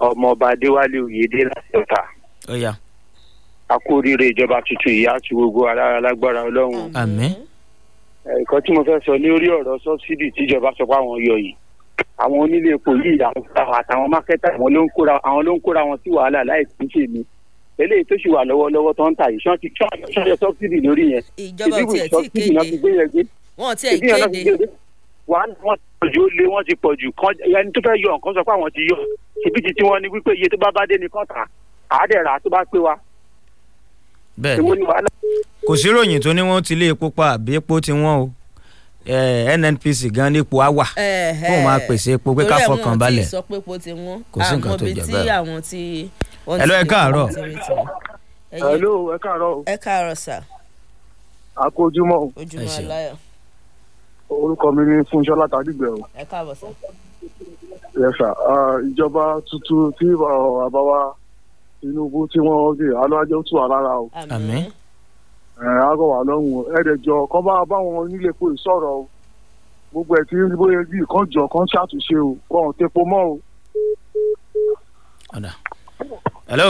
ọmọọba adéwálé oyèdè láti ọ̀tà. ó yá. a kú oríire ìjọba tuntun yìí àti gbogbo alára ọlọ́run. àmín. ẹ̀kọ́ tí mo fẹ́ sọ ní orí ọ̀rọ̀ sọ́sídì tíjọba sọ pé àwọn yọ yìí àwọn onílé epo yìí àwọn àtàwọn mákẹ́tà àwọn ló ń kóra àwọn ló ń kóra wọn sí wàhálà láì kí n ṣe mí eléyìí tó ṣì wà lọ́wọ́lọ́wọ́ tó ń ta yìí ṣọ́ọ̀tì ṣọ́ọ̀tì sọ́ọ̀tìdì lórí yẹn ìjọba ò tiẹ̀ tí kéde wọn ò tiẹ̀ kéde wàhálà wọn ti pọ̀ jù ó lé wọn ti pọ̀ jù ẹni tó fẹ́ yọ nǹkan sọ pé àwọn ti yọ ṣèbí ti tiwọn ni wípé iye tó bá bá dé ni kọ́ta àádẹ́ra tó bá pé wa. bẹ́ẹ̀ni kò sí ròyìn tó ní wọn ti lé epo pa àbí epo ti wọn o Eh, nnpc gan nípò á wà fóun eh, máa eh. pèsè epo pé ká fọkàn balẹ̀ kò sí nǹkan tó jẹ bẹ́ẹ̀. hello ẹ káàárọ̀. hello ẹ káàárọ̀. ẹ káàárọ̀ sà. a kó ojúmọ́ o. ojúmọ́ aláyọ̀. orúkọ mi ni fúnṣọ́ látàdígbẹ̀ o. ẹ káàbọ̀ sà. yes ìjọba tuntun tí àbáwá tinubu tí wọ́n gbé alájọ́ tù wá lára o. àmín àgọ́ wà lọ́hùn ẹ̀ẹ́dẹ̀jọ kan bá báwọn onílépo ìsọ̀rọ̀ o gbogbo ẹ̀ tí ń bóyá bíi kan jọ kan ṣàtúnṣe o kọ́ ọ̀n tepo mọ́ o. ọ̀dà hello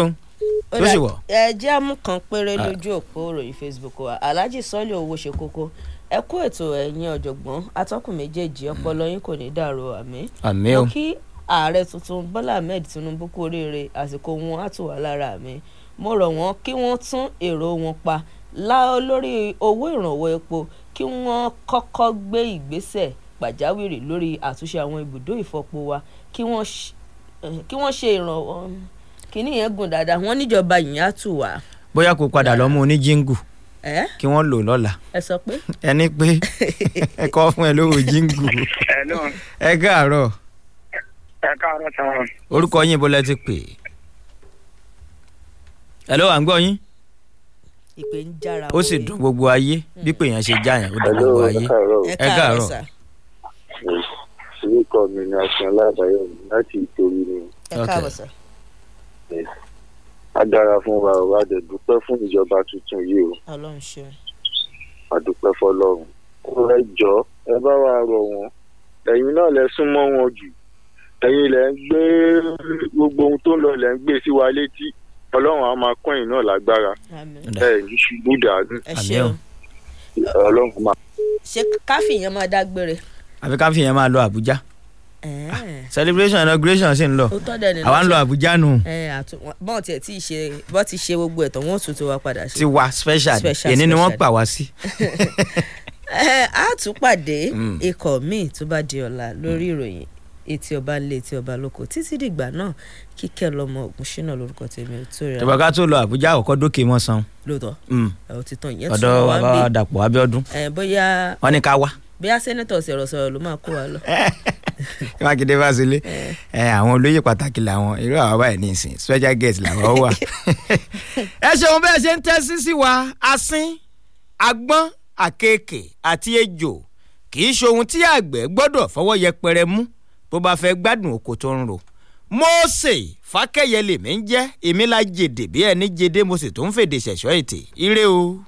ló sì wọ̀. ẹ jẹ́ mú kan péré ah. lójú òpó ìròyìn facebook wa alhaji sọ́ọ̀lì owó ṣe kókó ẹ kú ètò ẹ̀yin ọ̀jọ̀gbọ́n atọ́kùn méjèèjì ọpọlọ yín kò ní dàrú àmì. àmì o mo kí ààrẹ tuntun bọ́lá ahmed tinubu kú oríire àsìkò wọn á tù wá lára mi mo rọ̀ wọ́n kí wọ́n tún èrò wọn pa la olórí owó ìrànwọ́ epo kí wọ́n kọ́kọ́ gbé ìgbésẹ̀ pàjáwìrì lórí àtúnṣe àwọn ibùdó ìfọpo wa kí wọ́n eh, ṣe ìrànwọ́ kínní yẹn gùn dáadáa wọ́n níjọba yìí á tù wá. bóyá kò padà lọ mú oníjíǹgù kí wọ́n lò lọ́la. ẹ sọ pé. ẹni pé ẹ kọ́ fún ẹ lówó jíǹgù. ẹ káàárọ̀. ẹ káàárọ̀ sọ̀rọ̀. orúkọ yín bó lẹ ti pè. ẹ ló wà ń gbọ́ yín ìpè ń jára bóyá. ó sì dùn gbogbo ayé hmm. bí pé èèyàn ṣe jáyàn ó dùn gbogbo ayé. ẹ káàárọ̀ orúkọ mi ni akínọlá àbáyọ láti ìtòrí ni. ẹ káàbọ̀ sà. a dára fún wa o a dẹ̀ dúpẹ́ fún ìjọba tuntun yìí o. ọlọ́run ṣe. a dúpẹ́ fọlọ́run. ẹ jọ ẹ bá wa rọ̀ wọ́n ẹ̀yin náà lẹ súnmọ́ wọn jù ẹ̀yin lẹ ń gbé gbogbo ohun tó ń lọ lẹ ń gbé sí wa létí ọlọ́run á máa kún ẹ̀yin náà lágbára ẹ̀ ní ṣubú dàánù ọlọ́run máa. ṣé káfí yẹn máa dágbére. àfi káfí yẹn máa lọ Àbújá ah, celebration inauguration sì ń lọ àwa ń lọ Àbújá nù. bọ́n tiẹ̀ tí ì ṣe bọ́n ti ṣe gbogbo ẹ̀tọ́ wọn ò tún tó wa padà sí. ti wa special yẹn ni wọ́n pa wá sí a tún pàdé mm. ikọ̀ míì tó bá di ọ̀la lórí ìròyìn etí ọba ńlé etí ọba lóko títí dìgbà náà kíkẹ́ lọ́mọ ògúnṣínà lórúkọ tèmi ò tó rẹ̀. tọ́ba ká tó lọ àbújá àkọ́kọ́ dókè mọ́ san. lóòótọ́ òtítọ́ mm. ìyẹn tún wá bí ọ̀dọ̀ dàpọ̀ abíọ́dún. bóyá wọn ní ká wá. bóyá sẹ́nẹ́tọ̀ sẹ̀rọ̀ sọ̀rọ̀ ló máa kó wa lọ. mákindé fásilé àwọn olóyè pàtàkì làwọn irú àwọn báyìí ní ìsìn special guest làwọn wà. ẹ ṣeun bẹ́ẹ̀ ṣe ń tẹ́ sí sí wa asín agbọ́n àkekè àti ejò kì í ṣohun tí àgbẹ̀ gbọ́dọ̀ fọwọ́ yẹpẹrẹ mú bó bá fẹ́ gbádùn oko tó ń rò Mósè Fákẹ́yẹ lèmi ń jẹ́ èmi la jèdè bí ẹni jèdè mo sì tún fèdè ṣẹ̀ṣọ́ ètè ire o.